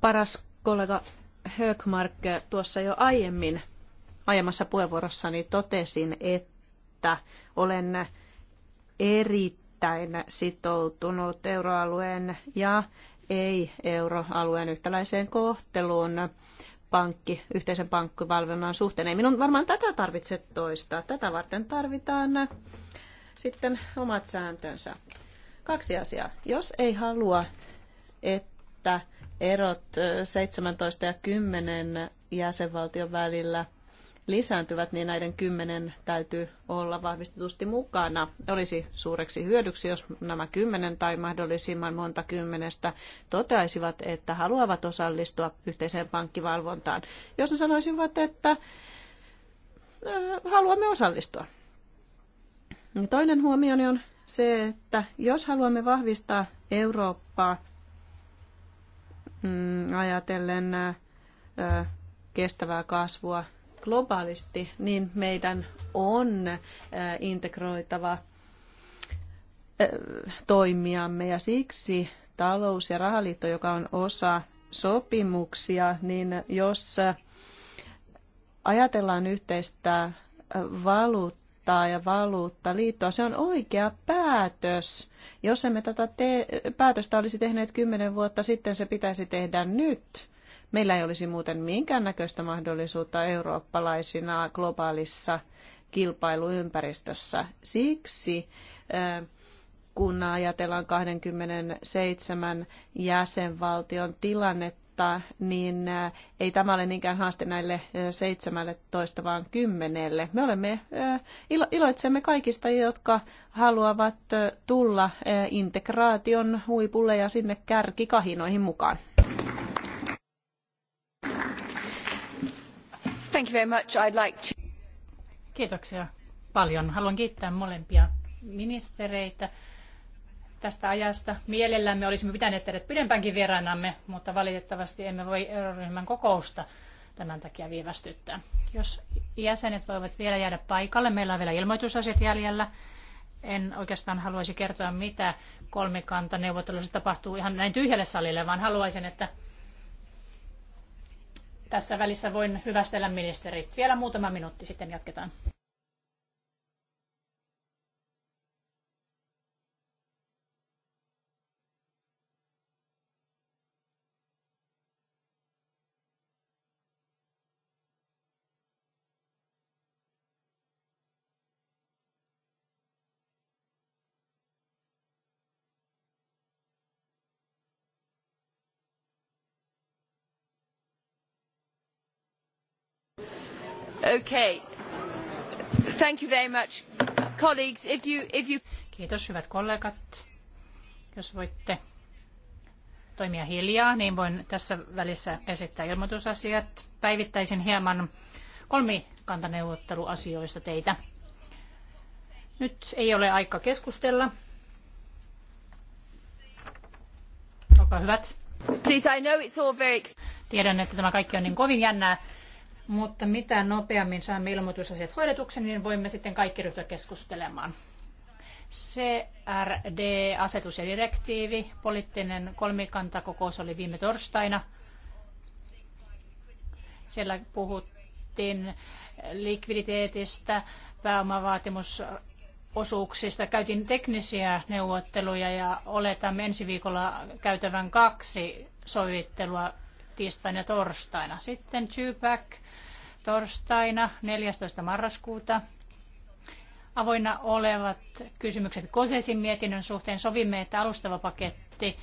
Paras kollega Högmark tuossa jo aiemmin aiemmassa puheenvuorossani totesin, että olen erittäin sitoutunut euroalueen ja ei-euroalueen yhtäläiseen kohteluun pankki, yhteisen pankkivalvonnan suhteen. Ei minun varmaan tätä tarvitse toistaa. Tätä varten tarvitaan sitten omat sääntönsä. Kaksi asiaa. Jos ei halua, että erot 17 ja 10 jäsenvaltion välillä lisääntyvät, niin näiden kymmenen täytyy olla vahvistetusti mukana. Olisi suureksi hyödyksi, jos nämä kymmenen tai mahdollisimman monta kymmenestä toteaisivat, että haluavat osallistua yhteiseen pankkivalvontaan. Jos ne sanoisivat, että haluamme osallistua. Toinen huomioni on se, että jos haluamme vahvistaa Eurooppaa Mm, ajatellen kestävää kasvua globaalisti, niin meidän on integroitava toimiamme ja siksi talous- ja rahaliitto, joka on osa sopimuksia, niin jos ajatellaan yhteistä valuuttaa, valuuttaa ja valuuttaliittoa. Se on oikea päätös. Jos emme tätä te- päätöstä olisi tehneet kymmenen vuotta sitten, se pitäisi tehdä nyt. Meillä ei olisi muuten minkäännäköistä mahdollisuutta eurooppalaisina globaalissa kilpailuympäristössä. Siksi kun ajatellaan 27 jäsenvaltion tilannetta, mutta niin äh, ei tämä ole niinkään haaste näille 17, äh, vaan kymmenelle. Me olemme, äh, iloitsemme kaikista, jotka haluavat tulla integraation huipulle ja sinne kärkikahinoihin mukaan. Thank you very much. I'd like to... Kiitoksia paljon. Haluan kiittää molempia ministereitä tästä ajasta. Mielellämme olisimme pitäneet teidät pidempäänkin vieraanamme, mutta valitettavasti emme voi euroryhmän kokousta tämän takia viivästyttää. Jos jäsenet voivat vielä jäädä paikalle, meillä on vielä ilmoitusasiat jäljellä. En oikeastaan haluaisi kertoa, mitä kolmikanta neuvottelussa tapahtuu ihan näin tyhjälle salille, vaan haluaisin, että tässä välissä voin hyvästellä ministerit. Vielä muutama minuutti sitten jatketaan. Kiitos hyvät kollegat. Jos voitte toimia hiljaa, niin voin tässä välissä esittää ilmoitusasiat. Päivittäisin hieman kolmikantaneuvotteluasioista teitä. Nyt ei ole aika keskustella. Olkaa hyvät. Please, I know it's all very... Tiedän, että tämä kaikki on niin kovin jännää, mutta mitä nopeammin saamme ilmoitusasiat hoidetuksen, niin voimme sitten kaikki ryhtyä keskustelemaan. CRD-asetus ja direktiivi, poliittinen kolmikantakokous oli viime torstaina. Siellä puhuttiin likviditeetistä, osuuksista. Käytiin teknisiä neuvotteluja ja oletamme ensi viikolla käytävän kaksi sovittelua tiistaina ja torstaina. Sitten Tupac torstaina 14. marraskuuta. Avoinna olevat kysymykset Kosesin mietinnön suhteen sovimme, että alustava paketti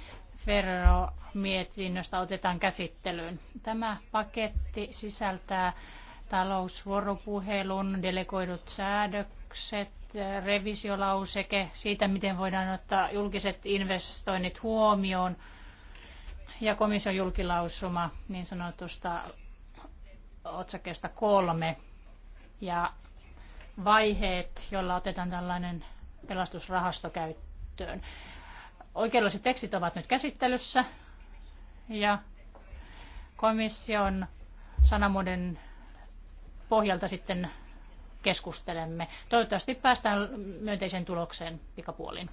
Ferro-mietinnöstä otetaan käsittelyyn. Tämä paketti sisältää talousvuoropuhelun, delegoidut säädökset, revisiolauseke siitä, miten voidaan ottaa julkiset investoinnit huomioon ja komission julkilausuma niin sanotusta otsakkeesta kolme ja vaiheet, joilla otetaan tällainen pelastusrahasto käyttöön. Oikeudelliset tekstit ovat nyt käsittelyssä ja komission sanamuuden pohjalta sitten keskustelemme. Toivottavasti päästään myönteiseen tulokseen pikapuoliin.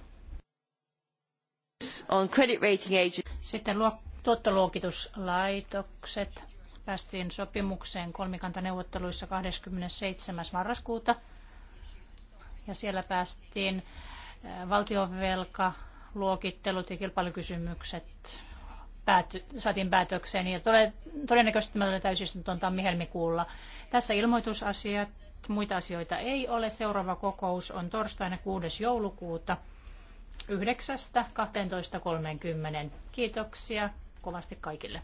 Sitten luottoluokituslaitokset päästiin sopimukseen kolmikantaneuvotteluissa 27. marraskuuta. Ja siellä päästiin äh, valtionvelka, luokittelut ja kilpailukysymykset pääty, saatiin päätökseen ja todennäköisesti tämä oli täysistunto tammi-helmikuulla. Tässä ilmoitusasiat, muita asioita ei ole. Seuraava kokous on torstaina 6. joulukuuta 9.12.30. Kiitoksia kovasti kaikille.